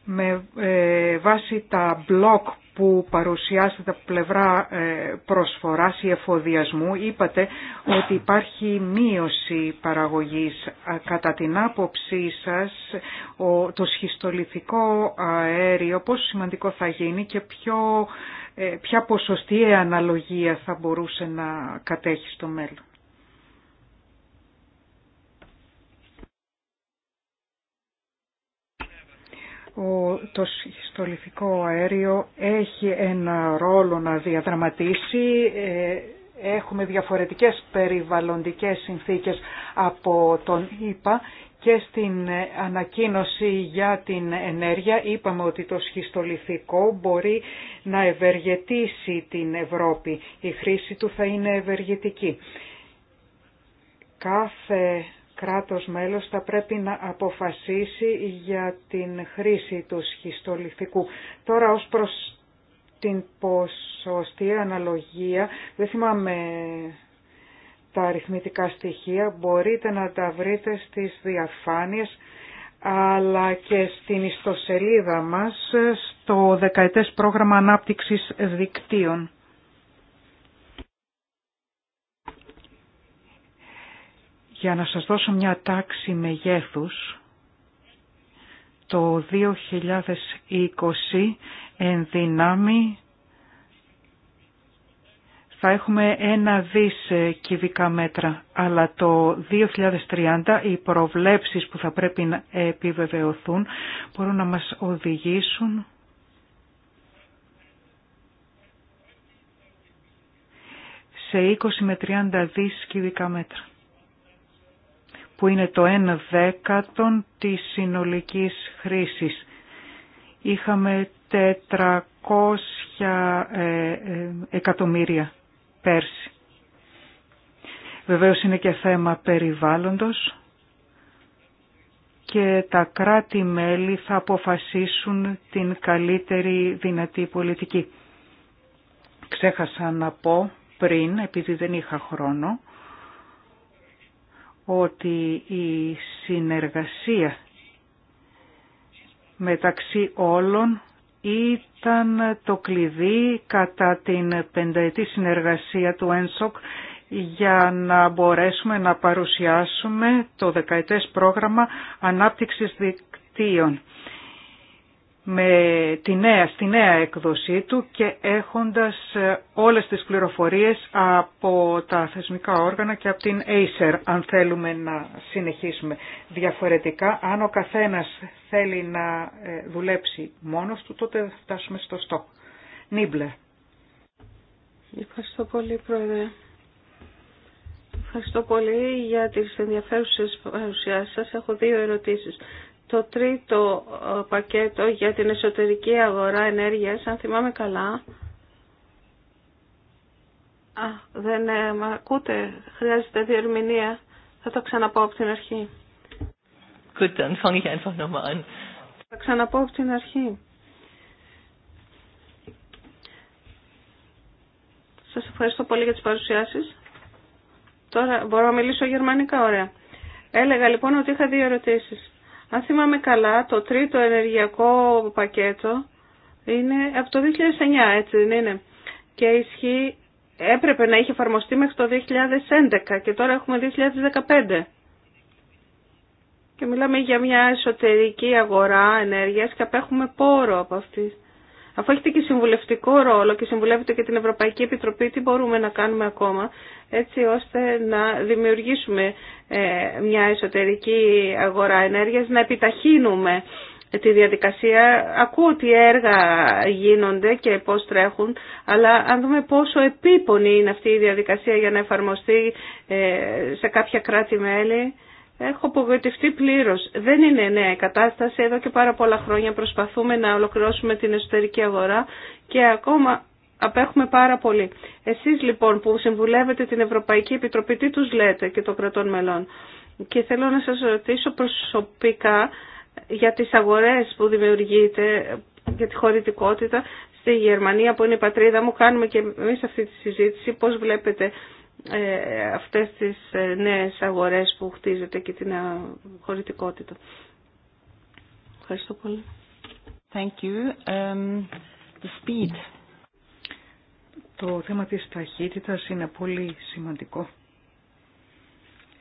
Με ε, βάση τα blog που παρουσιάσετε από πλευρά ε, προσφοράς ή εφοδιασμού είπατε ότι υπάρχει μείωση παραγωγής. Κατά την άποψή σας το σχιστολιθικό αέριο πόσο σημαντικό θα γίνει και ε, ποια ποσοστιαία αναλογία θα μπορούσε να κατέχει στο μέλλον. το σχιστολιθικό αέριο έχει ένα ρόλο να διαδραματίσει. Ε, έχουμε διαφορετικές περιβαλλοντικές συνθήκες από τον ΙΠΑ και στην ανακοίνωση για την ενέργεια είπαμε ότι το σχιστολιθικό μπορεί να ευεργετήσει την Ευρώπη. Η χρήση του θα είναι ευεργετική. Κάθε κράτος μέλος θα πρέπει να αποφασίσει για την χρήση του σχιστολιθικού. Τώρα ως προς την ποσοστή αναλογία, δεν θυμάμαι τα αριθμητικά στοιχεία, μπορείτε να τα βρείτε στις διαφάνειες, αλλά και στην ιστοσελίδα μας στο δεκαετές πρόγραμμα ανάπτυξης δικτύων. Για να σας δώσω μια τάξη μεγέθους, το 2020 εν δυνάμει θα έχουμε ένα δις ε, κυβικά μέτρα, αλλά το 2030 οι προβλέψεις που θα πρέπει να επιβεβαιωθούν μπορούν να μας οδηγήσουν σε 20 με 30 δις κυβικά μέτρα που είναι το 1 δέκατον της συνολικής χρήσης. Είχαμε 400 ε, ε, εκατομμύρια πέρσι. Βεβαίως είναι και θέμα περιβάλλοντος και τα κράτη-μέλη θα αποφασίσουν την καλύτερη δυνατή πολιτική. Ξέχασα να πω πριν, επειδή δεν είχα χρόνο, ότι η συνεργασία μεταξύ όλων ήταν το κλειδί κατά την πενταετή συνεργασία του ΕΝΣΟΚ για να μπορέσουμε να παρουσιάσουμε το δεκαετές πρόγραμμα ανάπτυξης δικτύων με τη νέα, στη νέα έκδοσή του και έχοντας ε, όλες τις πληροφορίες από τα θεσμικά όργανα και από την Acer, αν θέλουμε να συνεχίσουμε. Διαφορετικά, αν ο καθένας θέλει να ε, δουλέψει μόνος του, τότε θα φτάσουμε στο στόχο. Νίμπλε. Ευχαριστώ πολύ, Πρόεδρε. Ευχαριστώ πολύ για τις ενδιαφέρουσες παρουσιάσεις σας. Έχω δύο ερωτήσεις το τρίτο ε, πακέτο για την εσωτερική αγορά ενέργειας, αν θυμάμαι καλά. Α, δεν ε, ακούτε, χρειάζεται διερμηνία. Θα το ξαναπώ από την αρχή. Gut, dann ich einfach nochmal Θα ξαναπώ από την αρχή. Σας ευχαριστώ πολύ για τις παρουσιάσεις. Τώρα μπορώ να μιλήσω γερμανικά, ωραία. Έλεγα λοιπόν ότι είχα δύο ερωτήσεις. Αν θυμάμαι καλά, το τρίτο ενεργειακό πακέτο είναι από το 2009, έτσι δεν είναι. Και ισχύει, έπρεπε να είχε εφαρμοστεί μέχρι το 2011 και τώρα έχουμε 2015. Και μιλάμε για μια εσωτερική αγορά ενέργειας και απέχουμε πόρο από αυτή. Αφού έχετε και συμβουλευτικό ρόλο και συμβουλεύετε και την Ευρωπαϊκή Επιτροπή, τι μπορούμε να κάνουμε ακόμα έτσι ώστε να δημιουργήσουμε ε, μια εσωτερική αγορά ενέργειας, να επιταχύνουμε τη διαδικασία. Ακούω ότι έργα γίνονται και πώς τρέχουν, αλλά αν δούμε πόσο επίπονη είναι αυτή η διαδικασία για να εφαρμοστεί ε, σε κάποια κράτη-μέλη, Έχω απογοητευτεί πλήρω. Δεν είναι νέα η κατάσταση. Εδώ και πάρα πολλά χρόνια προσπαθούμε να ολοκληρώσουμε την εσωτερική αγορά και ακόμα απέχουμε πάρα πολύ. Εσείς λοιπόν που συμβουλεύετε την Ευρωπαϊκή Επιτροπή, τι τους λέτε και των κρατών μελών. Και θέλω να σα ρωτήσω προσωπικά για τις αγορές που δημιουργείτε, για τη χωρητικότητα. Στη Γερμανία που είναι η πατρίδα μου κάνουμε και εμείς αυτή τη συζήτηση. Πώς βλέπετε ε, αυτές τις ε, νέες αγορές που χτίζεται και την χωρητικότητα. Ευχαριστώ πολύ. Thank you. Um, the speed. Το θέμα της ταχύτητας είναι πολύ σημαντικό.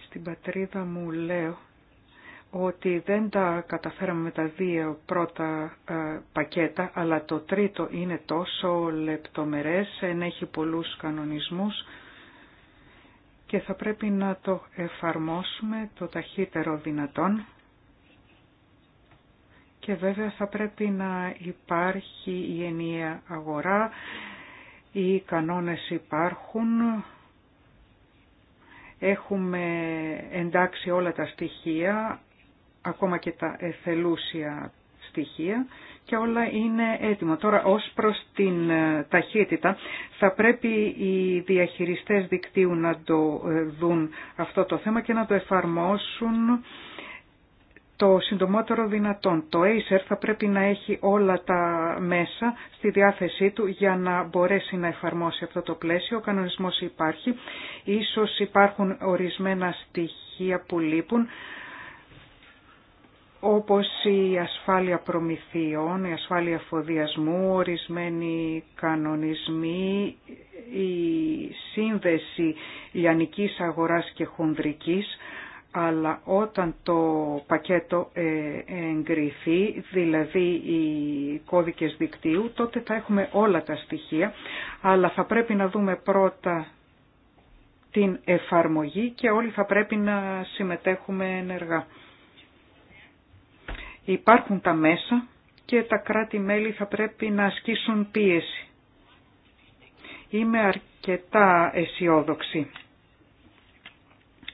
Στην πατρίδα μου λέω ότι δεν τα καταφέραμε με τα δύο πρώτα ε, πακέτα, αλλά το τρίτο είναι τόσο λεπτομερές, ενέχει πολλούς κανονισμούς και θα πρέπει να το εφαρμόσουμε το ταχύτερο δυνατόν και βέβαια θα πρέπει να υπάρχει η ενιαία αγορά, οι κανόνες υπάρχουν, έχουμε εντάξει όλα τα στοιχεία, ακόμα και τα εθελούσια στοιχεία και όλα είναι έτοιμα. Τώρα ως προς την ε, ταχύτητα θα πρέπει οι διαχειριστές δικτύου να το ε, δουν αυτό το θέμα και να το εφαρμόσουν το συντομότερο δυνατόν. Το Acer θα πρέπει να έχει όλα τα μέσα στη διάθεσή του για να μπορέσει να εφαρμόσει αυτό το πλαίσιο. Ο κανονισμός υπάρχει. Ίσως υπάρχουν ορισμένα στοιχεία που λείπουν όπως η ασφάλεια προμηθείων, η ασφάλεια φοδιασμού, ορισμένοι κανονισμοί, η σύνδεση λιανικής αγοράς και χονδρικής, αλλά όταν το πακέτο ε, εγκριθεί, δηλαδή οι κώδικες δικτύου, τότε θα έχουμε όλα τα στοιχεία, αλλά θα πρέπει να δούμε πρώτα την εφαρμογή και όλοι θα πρέπει να συμμετέχουμε ενεργά. Υπάρχουν τα μέσα και τα κράτη-μέλη θα πρέπει να ασκήσουν πίεση. Είμαι αρκετά αισιόδοξη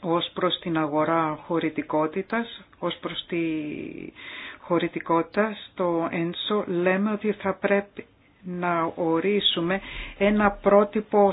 ως προς την αγορά χωρητικότητας, ως προς τη χωρητικότητα στο ένσο λέμε ότι θα πρέπει να ορίσουμε ένα πρότυπο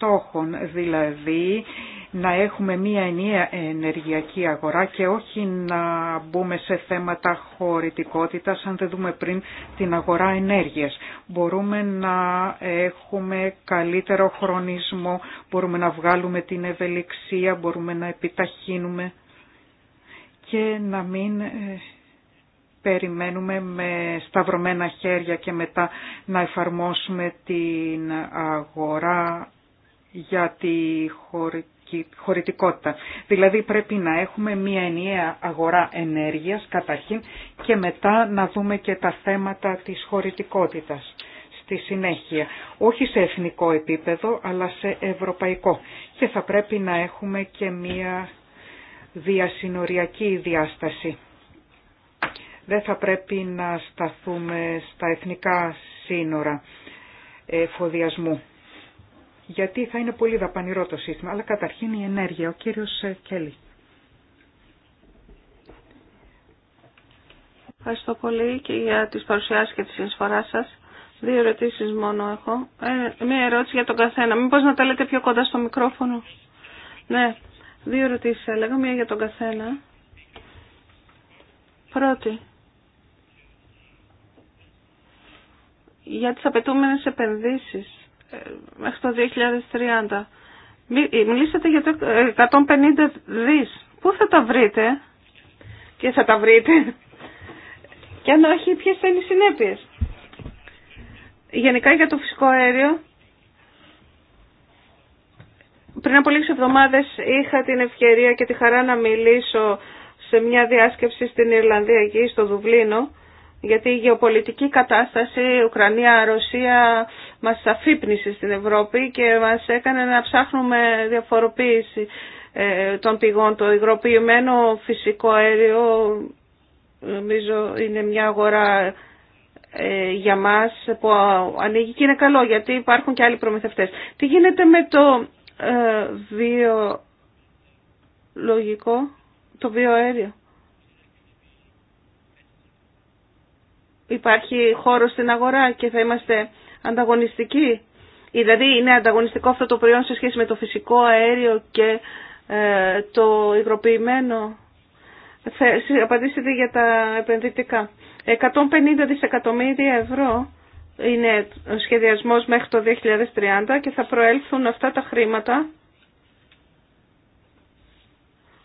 στόχων, δηλαδή να έχουμε μία ενιαία ενεργειακή αγορά και όχι να μπούμε σε θέματα χωρητικότητας αν δεν δούμε πριν την αγορά ενέργειας. Μπορούμε να έχουμε καλύτερο χρονισμό, μπορούμε να βγάλουμε την ευελιξία, μπορούμε να επιταχύνουμε και να μην ε, περιμένουμε με σταυρωμένα χέρια και μετά να εφαρμόσουμε την αγορά για τη χωρητικότητα. Δηλαδή πρέπει να έχουμε μία ενιαία αγορά ενέργειας καταρχήν και μετά να δούμε και τα θέματα της χωρητικότητας στη συνέχεια. Όχι σε εθνικό επίπεδο αλλά σε ευρωπαϊκό. Και θα πρέπει να έχουμε και μία διασυνοριακή διάσταση. Δεν θα πρέπει να σταθούμε στα εθνικά σύνορα εφοδιασμού γιατί θα είναι πολύ δαπανηρό το σύστημα. Αλλά καταρχήν η ενέργεια. Ο κύριος ε, Κέλλη. Ευχαριστώ πολύ και για τις παρουσιάσεις και τη συνεισφορά σας. Δύο ερωτήσει μόνο έχω. Ε, μία ερώτηση για τον καθένα. Μήπω να τα λέτε πιο κοντά στο μικρόφωνο. Ναι, δύο ερωτήσει έλεγα. Μία για τον καθένα. Πρώτη. Για τις απαιτούμενες επενδύσεις μέχρι το 2030. Ε, μιλήσατε για το 150 δις. Πού θα τα βρείτε και θα τα βρείτε και αν όχι ποιες θα είναι οι συνέπειες. Γενικά για το φυσικό αέριο πριν από λίγες εβδομάδες είχα την ευκαιρία και τη χαρά να μιλήσω σε μια διάσκεψη στην Ιρλανδία εκεί στο Δουβλίνο γιατί η γεωπολιτική κατάσταση Ουκρανία-Ρωσία μας αφύπνισε στην Ευρώπη και μας έκανε να ψάχνουμε διαφοροποίηση ε, των πηγών. Το υγροποιημένο φυσικό αέριο νομίζω είναι μια αγορά ε, για μας που ανοίγει και είναι καλό γιατί υπάρχουν και άλλοι προμηθευτές. Τι γίνεται με το ε, βιολογικό, το βιοαέριο. υπάρχει χώρο στην αγορά και θα είμαστε ανταγωνιστικοί. Δηλαδή είναι ανταγωνιστικό αυτό το προϊόν σε σχέση με το φυσικό αέριο και ε, το υγροποιημένο. Απαντήσετε για τα επενδυτικά. 150 δισεκατομμύρια ευρώ είναι ο σχεδιασμός μέχρι το 2030 και θα προέλθουν αυτά τα χρήματα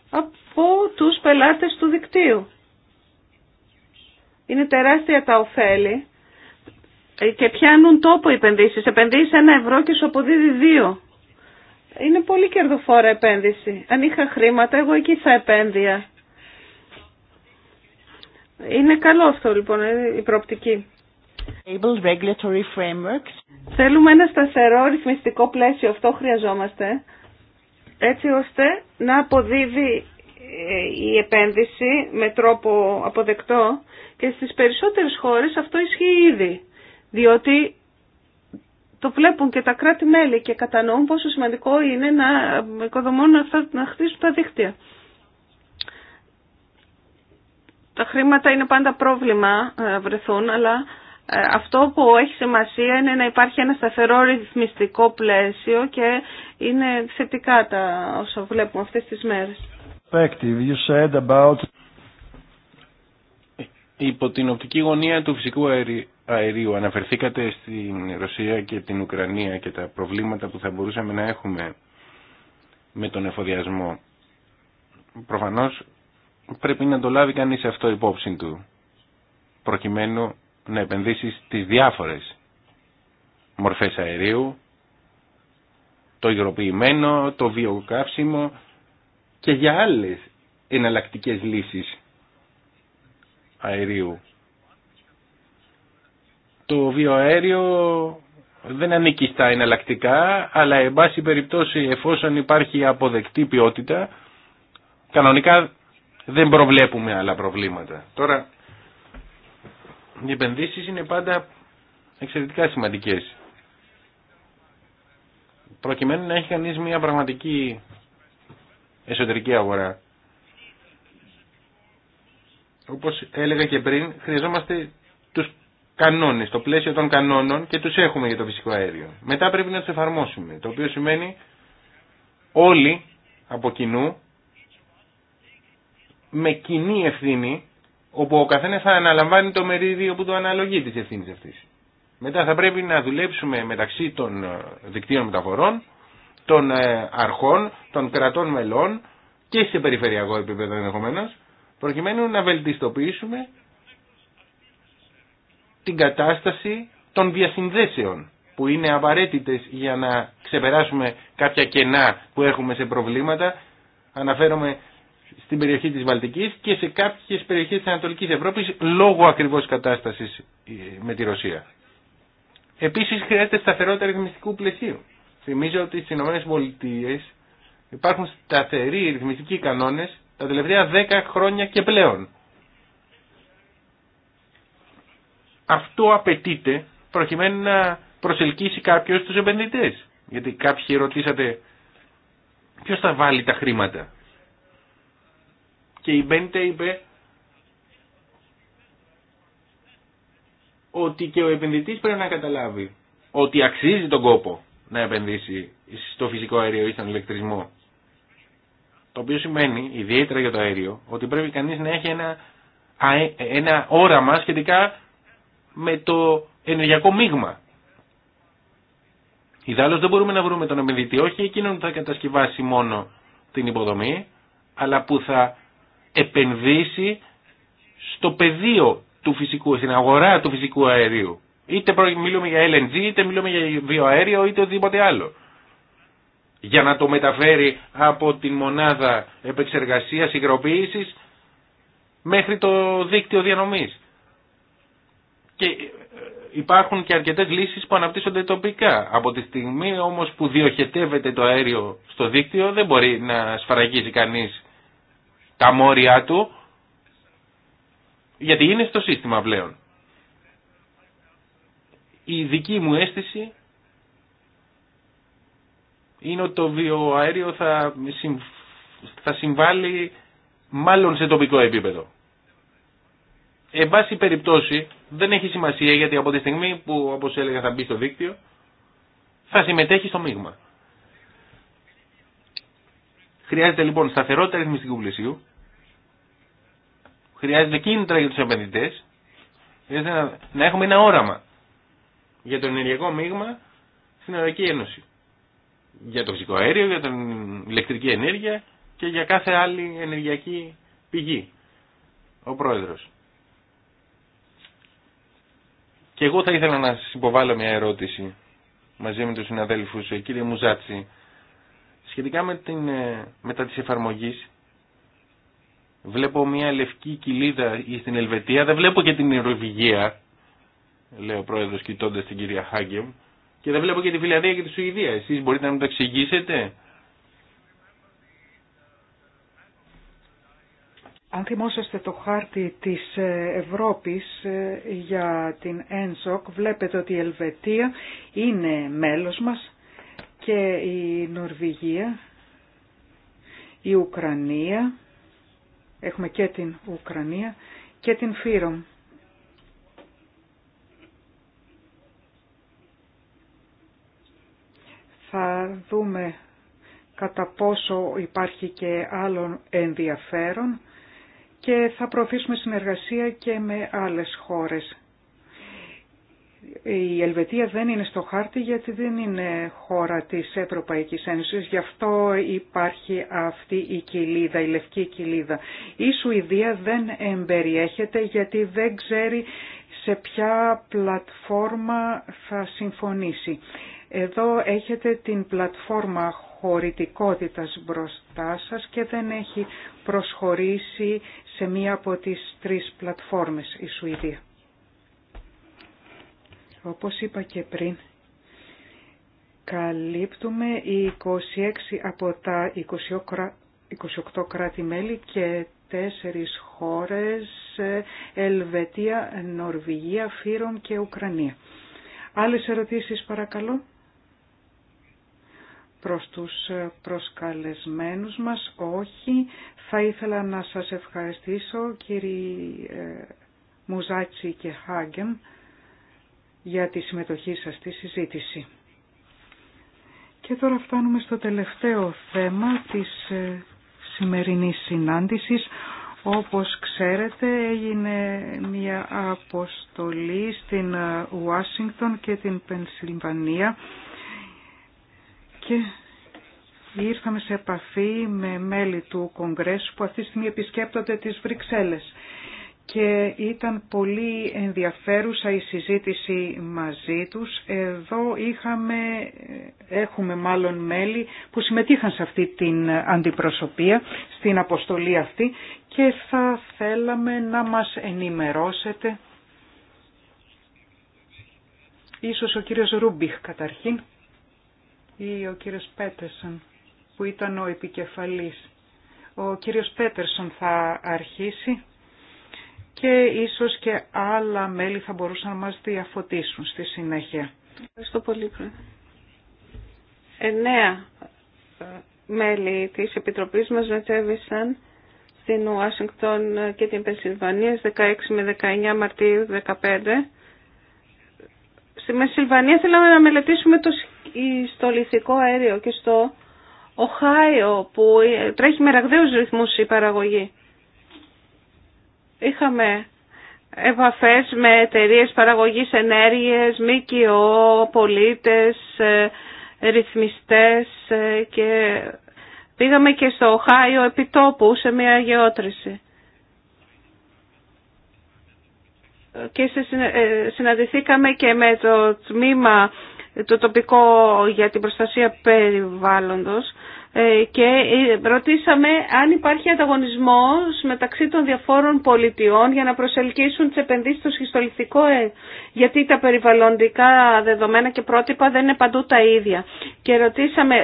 από τους πελάτες του δικτύου. Είναι τεράστια τα ωφέλη και πιάνουν τόπο οι επενδύσει. Επενδύει ένα ευρώ και σου αποδίδει δύο. Είναι πολύ κερδοφόρα επένδυση. Αν είχα χρήματα, εγώ εκεί θα επένδυα. Είναι καλό αυτό λοιπόν ε, η προοπτική. Θέλουμε ένα σταθερό ρυθμιστικό πλαίσιο, αυτό χρειαζόμαστε, έτσι ώστε να αποδίδει η επένδυση με τρόπο αποδεκτό και στις περισσότερες χώρες αυτό ισχύει ήδη, διότι το βλέπουν και τα κράτη-μέλη και κατανοούν πόσο σημαντικό είναι να οικοδομούν αυτά, να χτίσουν τα δίκτυα. Τα χρήματα είναι πάντα πρόβλημα ε, βρεθούν, αλλά ε, αυτό που έχει σημασία είναι να υπάρχει ένα σταθερό ρυθμιστικό πλαίσιο και είναι θετικά τα όσα βλέπουμε αυτές τις μέρες perspective you said about... Υπό την οπτική γωνία του φυσικού αερίου αναφερθήκατε στην Ρωσία και την Ουκρανία και τα προβλήματα που θα μπορούσαμε να έχουμε με τον εφοδιασμό. Προφανώς πρέπει να το λάβει κανείς αυτό υπόψη του προκειμένου να επενδύσει στις διάφορες μορφές αερίου το υγροποιημένο, το βιοκαύσιμο και για άλλες εναλλακτικές λύσεις αερίου. Το βιοαέριο δεν ανήκει στα εναλλακτικά, αλλά εν πάση περιπτώσει εφόσον υπάρχει αποδεκτή ποιότητα, κανονικά δεν προβλέπουμε άλλα προβλήματα. Τώρα, οι επενδύσεις είναι πάντα εξαιρετικά σημαντικές. Προκειμένου να έχει κανείς μια πραγματική εσωτερική αγορά. Όπως έλεγα και πριν, χρειαζόμαστε τους κανόνες, το πλαίσιο των κανόνων και τους έχουμε για το φυσικό αέριο. Μετά πρέπει να τους εφαρμόσουμε, το οποίο σημαίνει όλοι από κοινού, με κοινή ευθύνη, όπου ο καθένας θα αναλαμβάνει το μερίδιο που το αναλογεί της ευθύνης αυτής. Μετά θα πρέπει να δουλέψουμε μεταξύ των ε, δικτύων μεταφορών των ε, αρχών, των κρατών μελών και σε περιφερειακό επίπεδο ενδεχομένω, προκειμένου να βελτιστοποιήσουμε την κατάσταση των διασυνδέσεων που είναι απαραίτητες για να ξεπεράσουμε κάποια κενά που έχουμε σε προβλήματα. Αναφέρομαι στην περιοχή της Βαλτικής και σε κάποιες περιοχές της Ανατολικής Ευρώπης λόγω ακριβώς κατάστασης ε, με τη Ρωσία. Επίσης χρειάζεται σταθερότητα ρυθμιστικού πλαισίου Θυμίζω ότι στι ΗΠΑ υπάρχουν σταθεροί ρυθμιστικοί κανόνες τα τελευταία 10 χρόνια και πλέον. Αυτό απαιτείται προκειμένου να προσελκύσει κάποιος τους επενδυτές. Γιατί κάποιοι ρωτήσατε ποιος θα βάλει τα χρήματα. Και η Μπέντε είπε ότι και ο επενδυτής πρέπει να καταλάβει ότι αξίζει τον κόπο να επενδύσει στο φυσικό αέριο ή στον ηλεκτρισμό. Το οποίο σημαίνει, ιδιαίτερα για το αέριο, ότι πρέπει κανείς να έχει ένα, ένα όραμα σχετικά με το ενεργειακό μείγμα. Ιδάλλως δεν μπορούμε να βρούμε τον επενδυτή, όχι εκείνον που θα κατασκευάσει μόνο την υποδομή, αλλά που θα επενδύσει στο πεδίο του φυσικού, στην αγορά του φυσικού αερίου. Είτε μιλούμε για LNG, είτε μιλούμε για βιοαέριο, είτε οτιδήποτε άλλο. Για να το μεταφέρει από την μονάδα επεξεργασίας υγροποίησης μέχρι το δίκτυο διανομής. Και ε, υπάρχουν και αρκετές λύσεις που αναπτύσσονται τοπικά. Από τη στιγμή όμως που διοχετεύεται το αέριο στο δίκτυο δεν μπορεί να σφαραγίζει κανείς τα μόρια του γιατί είναι στο σύστημα πλέον η δική μου αίσθηση είναι ότι το βιοαέριο θα, θα συμβάλλει μάλλον σε τοπικό επίπεδο. Εν πάση περιπτώσει δεν έχει σημασία γιατί από τη στιγμή που όπως έλεγα θα μπει στο δίκτυο θα συμμετέχει στο μείγμα. Χρειάζεται λοιπόν σταθερότητα ρυθμιστικού πλαισίου, χρειάζεται κίνητρα για τους επενδυτές, να έχουμε ένα όραμα για το ενεργειακό μείγμα στην Ευρωπαϊκή Ένωση. Για το φυσικό αέριο, για την ηλεκτρική ενέργεια και για κάθε άλλη ενεργειακή πηγή. Ο Πρόεδρος. Και εγώ θα ήθελα να σας υποβάλω μια ερώτηση μαζί με τους συναδέλφους, ε, κύριε Μουζάτση, σχετικά με την, ε, μετά της εφαρμογής. Βλέπω μια λευκή κοιλίδα στην Ελβετία, δεν βλέπω και την Ευρωβηγία λέει ο πρόεδρος κοιτώντα την κυρία Χάγκεμ. Και δεν βλέπω και τη Φιλανδία και τη Σουηδία. Εσείς μπορείτε να μου το εξηγήσετε. Αν θυμόσαστε το χάρτη της ε, Ευρώπης ε, για την ΕΝΣΟΚ, βλέπετε ότι η Ελβετία είναι μέλος μας και η Νορβηγία, η Ουκρανία, έχουμε και την Ουκρανία και την Φύρομ. θα δούμε κατά πόσο υπάρχει και άλλων ενδιαφέρον και θα προωθήσουμε συνεργασία και με άλλες χώρες. Η Ελβετία δεν είναι στο χάρτη γιατί δεν είναι χώρα της Ευρωπαϊκής Ένωσης, γι' αυτό υπάρχει αυτή η κοιλίδα, η λευκή κοιλίδα. Η Σουηδία δεν εμπεριέχεται γιατί δεν ξέρει σε ποια πλατφόρμα θα συμφωνήσει. Εδώ έχετε την πλατφόρμα χωρητικότητας μπροστά σας και δεν έχει προσχωρήσει σε μία από τις τρεις πλατφόρμες η Σουηδία. Όπως είπα και πριν, καλύπτουμε οι 26 από τα 28 κράτη-μέλη και τέσσερις χώρες, ε, Ελβετία, Νορβηγία, Φύρον και Ουκρανία. Άλλες ερωτήσεις παρακαλώ προς τους ε, προσκαλεσμένους μας. Όχι, θα ήθελα να σας ευχαριστήσω κύριοι ε, Μουζάτσι και Χάγκεν, για τη συμμετοχή σας στη συζήτηση. Και τώρα φτάνουμε στο τελευταίο θέμα της ε, σημερινής συνάντησης. Όπως ξέρετε έγινε μια αποστολή στην Ουάσιγκτον και την Πενσιλβανία και ήρθαμε σε επαφή με μέλη του Κογκρέσου που αυτή τη στιγμή επισκέπτονται τις Βρυξέλλες και ήταν πολύ ενδιαφέρουσα η συζήτηση μαζί τους. Εδώ είχαμε, έχουμε μάλλον μέλη που συμμετείχαν σε αυτή την αντιπροσωπεία, στην αποστολή αυτή και θα θέλαμε να μας ενημερώσετε. Ίσως ο κύριος Ρούμπιχ καταρχήν ή ο κύριος Πέτερσον που ήταν ο επικεφαλής. Ο κύριος Πέτερσον θα αρχίσει και ίσως και άλλα μέλη θα μπορούσαν να μας διαφωτίσουν στη συνέχεια. Ευχαριστώ πολύ. Εννέα ε, μέλη της Επιτροπής μας μετέβησαν στην Ουάσιγκτον και την Πενσιλβανία 16 με 19 Μαρτίου 2015 Στη Μεσυλβανία θέλαμε να μελετήσουμε το, στο λιθικό αέριο και στο Οχάιο που τρέχει με ραγδαίους ρυθμούς η παραγωγή. Είχαμε επαφές με εταιρείε παραγωγής ενέργειας, ΜΚΟ, πολίτες, ε, ρυθμιστές ε, και πήγαμε και στο Οχάιο επιτόπου σε μια γεώτρηση. και ε, συναντηθήκαμε και με το τμήμα το τοπικό για την προστασία περιβάλλοντος ε, και ε, ρωτήσαμε αν υπάρχει ανταγωνισμός μεταξύ των διαφόρων πολιτιών για να προσελκύσουν τις επενδύσεις στο σχιστολιστικό γιατί τα περιβαλλοντικά δεδομένα και πρότυπα δεν είναι παντού τα ίδια. Και ρωτήσαμε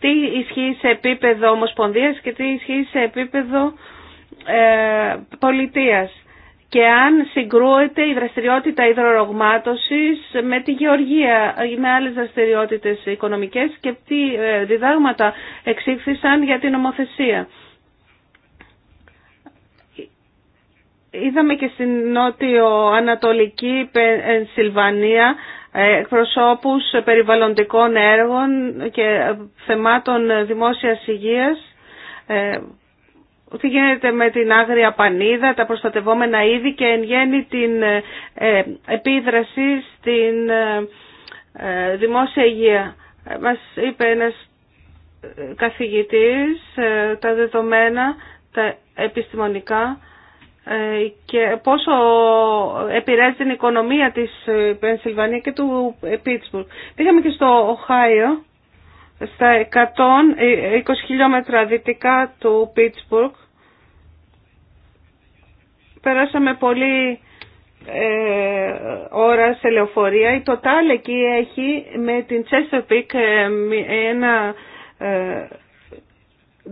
τι ισχύει σε επίπεδο ομοσπονδίας και τι ισχύει σε επίπεδο πολιτείας και αν συγκρούεται η δραστηριότητα υδρορογμάτωσης με τη γεωργία ή με άλλες δραστηριότητες οικονομικές και τι ε, διδάγματα εξήφθησαν για την ομοθέσια; Είδαμε και στην νότιο-ανατολική Σιλβανία ε, εκπροσώπους περιβαλλοντικών έργων και θεμάτων δημόσιας υγείας ε, τι γίνεται με την άγρια πανίδα, τα προστατευόμενα είδη και εν γέννη την ε, ε, επίδραση στην ε, δημόσια υγεία. Μας είπε ένας καθηγητής τα δεδομένα, τα επιστημονικά και πόσο επηρεάζει την οικονομία της Πενσιλβανία και του Πίτσμπουργκ. Πήγαμε και στο Οχάιο, στα 120 χιλιόμετρα δυτικά του Πίτσμπουργκ Περάσαμε πολύ ε, ώρα σε λεωφορεία. Η Total εκεί έχει με την Chesapeake ε, ένα ε,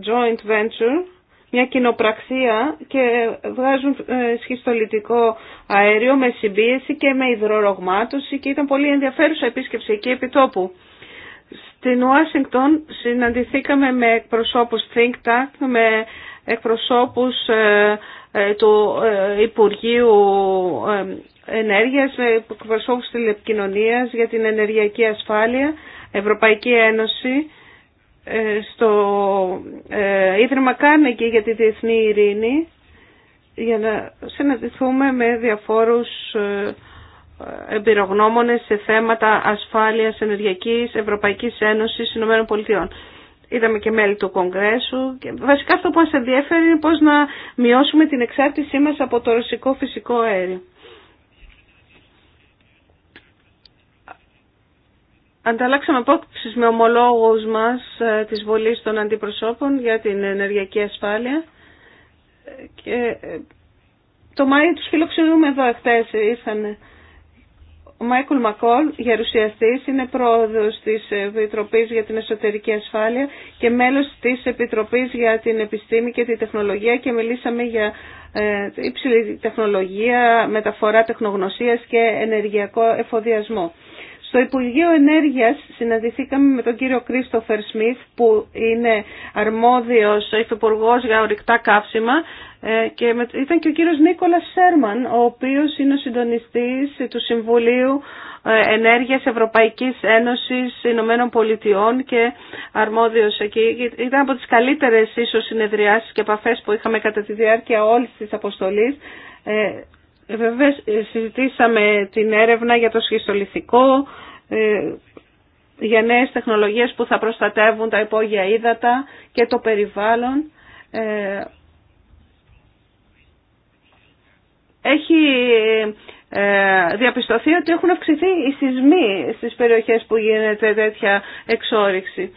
joint venture, μια κοινοπραξία και βγάζουν ε, σχιστολιτικό αέριο με συμπίεση και με υδρορογμάτωση και ήταν πολύ ενδιαφέρουσα επίσκεψη εκεί επί τόπου. Στην Ουάσιγκτον συναντηθήκαμε με εκπροσώπους Think Tank, με εκπροσώπους ε, του ε, Υπουργείου ε, Ενέργειας με εκπροσώπους τηλεπικοινωνίας για την ενεργειακή ασφάλεια, Ευρωπαϊκή Ένωση, στο Ίδρυμα και για τη Διεθνή Ειρήνη για να συναντηθούμε με διαφόρους εμπειρογνώμονες σε θέματα ασφάλειας ενεργειακής Ευρωπαϊκής Ένωσης Ηνωμένων Πολιτειών είδαμε και μέλη του Κογκρέσου. Και βασικά αυτό που μας ενδιαφέρει είναι πώς να μειώσουμε την εξάρτησή μας από το ρωσικό φυσικό αέριο. Ανταλλάξαμε απόψει με ομολόγους μας ε, της Βολής των Αντιπροσώπων για την ενεργειακή ασφάλεια ε, και ε, το Μάιο τους φιλοξενούμε εδώ εχθές ήρθανε ο Μάικλ Μακόλ, γερουσιαστή, είναι πρόοδο τη Επιτροπή για την Εσωτερική Ασφάλεια και μέλος της Επιτροπή για την Επιστήμη και την Τεχνολογία και μιλήσαμε για ε, υψηλή τεχνολογία, μεταφορά τεχνογνωσίας και ενεργειακό εφοδιασμό. Στο Υπουργείο Ενέργειας συναντηθήκαμε με τον κύριο Κρίστοφερ Σμιθ που είναι αρμόδιος υφυπουργός για ορυκτά καύσιμα ε, και ήταν και ο κύριος Νίκολας Σέρμαν ο οποίος είναι ο συντονιστής του Συμβουλίου ε, Ενέργειας Ευρωπαϊκής Ένωσης Ηνωμένων Πολιτειών και αρμόδιος εκεί. Ήταν από τις καλύτερες ίσως συνεδριάσεις και επαφές που είχαμε κατά τη διάρκεια όλης της αποστολής ε, ε, Βέβαια ε, συζητήσαμε την έρευνα για το σχιστολιθικό, ε, για νέες τεχνολογίες που θα προστατεύουν τα υπόγεια ύδατα και το περιβάλλον. Έχει διαπιστωθεί ότι έχουν αυξηθεί οι σεισμοί στις περιοχές που γίνεται τέτοια εξόριξη.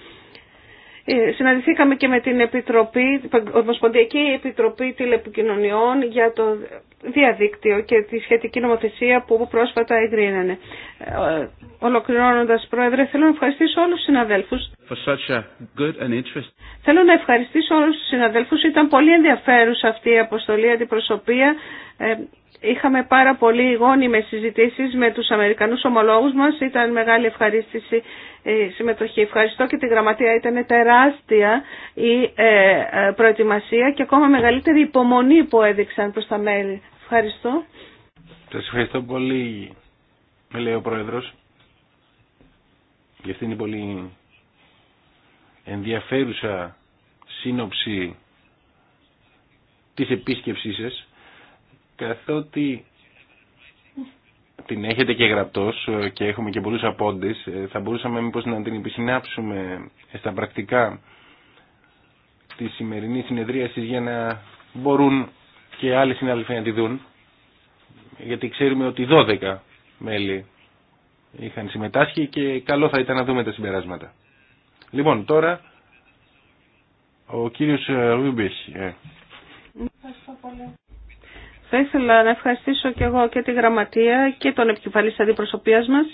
Συναντηθήκαμε και με την Επιτροπή, Ομοσπονδιακή Επιτροπή Τηλεπικοινωνιών για το διαδίκτυο και τη σχετική νομοθεσία που πρόσφατα εγκρίνανε. Ε, ολοκληρώνοντας, Πρόεδρε, θέλω να ευχαριστήσω όλους τους συναδέλφους For such a good and interest. Θέλω να ευχαριστήσω όλους τους συναδέλφους. Ήταν πολύ ενδιαφέρουσα αυτή η αποστολή, αντιπροσωπεία. Ε, είχαμε πάρα πολύ γόνιμες συζητήσεις με τους Αμερικανούς ομολόγους μας. Ήταν μεγάλη ευχαρίστηση η ε, συμμετοχή. Ευχαριστώ και τη γραμματεία. Ήταν τεράστια η ε, ε, προετοιμασία και ακόμα μεγαλύτερη υπομονή που έδειξαν προς τα μέλη. Ευχαριστώ. Σας ευχαριστώ πολύ, λέει ο Πρόεδρος. αυτή πολύ ενδιαφέρουσα σύνοψη της επίσκεψής σας καθότι την έχετε και γραπτός ε, και έχουμε και πολλούς απόντες ε, θα μπορούσαμε μήπως να την επισυνάψουμε ε, στα πρακτικά τη σημερινή συνεδρίαση για να μπορούν και άλλοι συνάδελφοι να τη δουν γιατί ξέρουμε ότι 12 μέλη είχαν συμμετάσχει και καλό θα ήταν να δούμε τα συμπεράσματα. Λοιπόν, τώρα ο κύριος ε, Ρούμπης. Ε. Θα ήθελα να ευχαριστήσω και εγώ και τη γραμματεία και τον επικεφαλής αντιπροσωπείας μας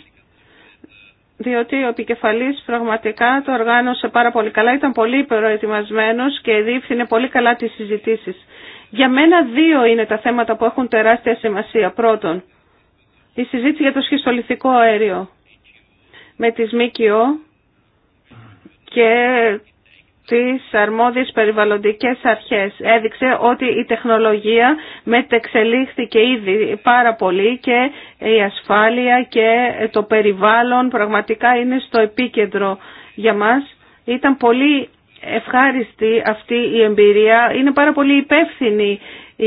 διότι ο επικεφαλής πραγματικά το οργάνωσε πάρα πολύ καλά, ήταν πολύ προετοιμασμένος και διεύθυνε πολύ καλά τις συζητήσεις. Για μένα δύο είναι τα θέματα που έχουν τεράστια σημασία. Πρώτον, η συζήτηση για το σχιστολιθικό αέριο με τις ΜΚΟ και τις αρμόδιες περιβαλλοντικές αρχές. Έδειξε ότι η τεχνολογία μετεξελίχθηκε ήδη πάρα πολύ και η ασφάλεια και το περιβάλλον πραγματικά είναι στο επίκεντρο για μας. Ήταν πολύ ευχάριστη αυτή η εμπειρία, είναι πάρα πολύ υπεύθυνη η,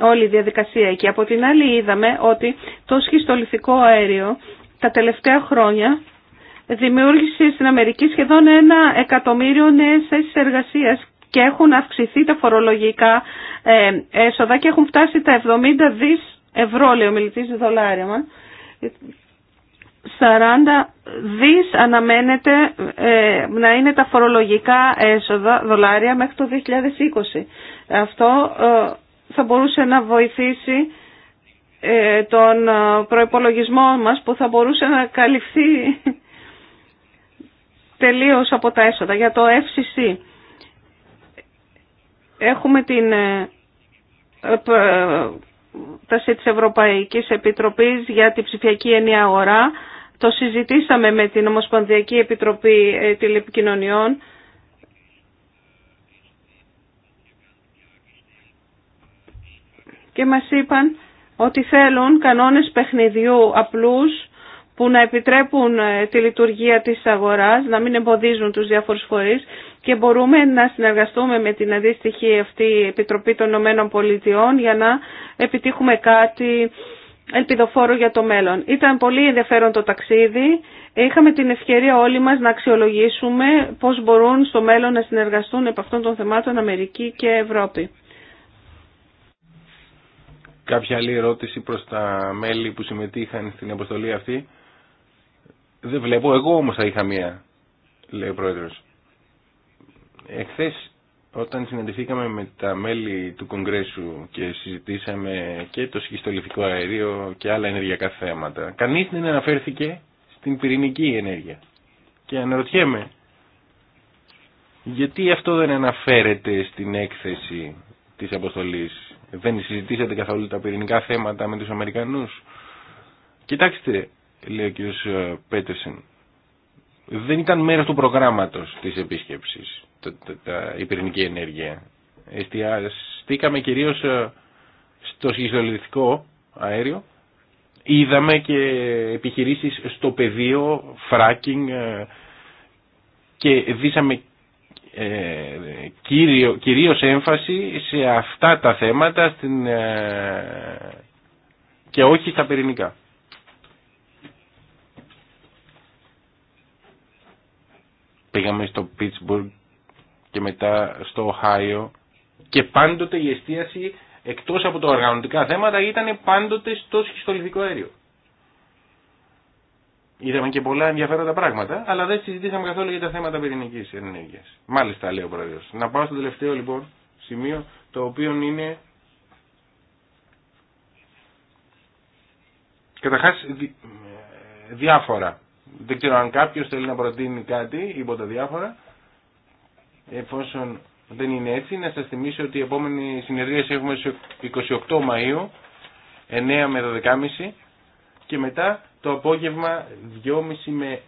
όλη η διαδικασία εκεί. από την άλλη είδαμε ότι το σχιστολιθικό αέριο τα τελευταία χρόνια δημιούργησε στην Αμερική σχεδόν ένα εκατομμύριο νέες θέσεις εργασίας και έχουν αυξηθεί τα φορολογικά ε, έσοδα και έχουν φτάσει τα 70 δις ευρώ, λέει ο μιλητής δολάρια μας. 40 δις αναμένεται ε, να είναι τα φορολογικά έσοδα δολάρια μέχρι το 2020. Αυτό ε, θα μπορούσε να βοηθήσει τον προϋπολογισμό μας που θα μπορούσε να καλυφθεί τελείως από τα έσοδα. Για το FCC έχουμε την ε, ε, τάση της Ευρωπαϊκής Επιτροπής για την ψηφιακή ενιαία αγορά. Το συζητήσαμε με την Ομοσπονδιακή Επιτροπή ε, Τηλεπικοινωνιών. Και μας είπαν ότι θέλουν κανόνες παιχνιδιού απλούς που να επιτρέπουν ε, τη λειτουργία της αγοράς, να μην εμποδίζουν τους διάφορους φορείς και μπορούμε να συνεργαστούμε με την αντίστοιχη αυτή Επιτροπή των Ηνωμένων Πολιτειών για να επιτύχουμε κάτι ελπιδοφόρο για το μέλλον. Ήταν πολύ ενδιαφέρον το ταξίδι. Είχαμε την ευκαιρία όλοι μας να αξιολογήσουμε πώς μπορούν στο μέλλον να συνεργαστούν επ' αυτών των θεμάτων Αμερική και Ευρώπη. Κάποια άλλη ερώτηση προς τα μέλη που συμμετείχαν στην αποστολή αυτή. Δεν βλέπω, εγώ όμως θα είχα μία, λέει ο Πρόεδρος. Εχθές όταν συναντηθήκαμε με τα μέλη του Κογκρέσου και συζητήσαμε και το σχιστολιθικό αερίο και άλλα ενεργειακά θέματα, κανείς δεν αναφέρθηκε στην πυρηνική ενέργεια. Και αναρωτιέμαι, γιατί αυτό δεν αναφέρεται στην έκθεση της αποστολής. Δεν συζητήσατε καθόλου τα πυρηνικά θέματα με τους Αμερικανούς. Κοιτάξτε, λέει ο κ. Ε, Πέτερσεν. Δεν ήταν μέρος του προγράμματος της επίσκεψης, τα, τα, τα, η πυρηνική ενέργεια. Εστιαστήκαμε κυρίως ε, στο σχιστολιτικό αέριο. Είδαμε και επιχειρήσεις στο πεδίο, fracking ε, και δίσαμε ε, κύριο, κυρίως έμφαση σε αυτά τα θέματα στην, και όχι στα πυρηνικά. Πήγαμε στο Πίτσμπουργκ και μετά στο Οχάιο και πάντοτε η εστίαση εκτός από τα οργανωτικά θέματα ήταν πάντοτε στο σχιστολιθικό αέριο. Είδαμε και πολλά ενδιαφέροντα πράγματα, αλλά δεν συζητήσαμε καθόλου για τα θέματα πυρηνική ενέργεια. Μάλιστα, λέει ο Πρόεδρο. Να πάω στο τελευταίο λοιπόν σημείο, το οποίο είναι. Καταρχά, διάφορα. Δεν ξέρω αν κάποιος θέλει να προτείνει κάτι υπό τα διάφορα. Εφόσον δεν είναι έτσι, να σας θυμίσω ότι η επόμενη συνεδρίαση έχουμε στις 28 Μαΐου, 9 με 12.30 και μετά το απόγευμα 2.30 με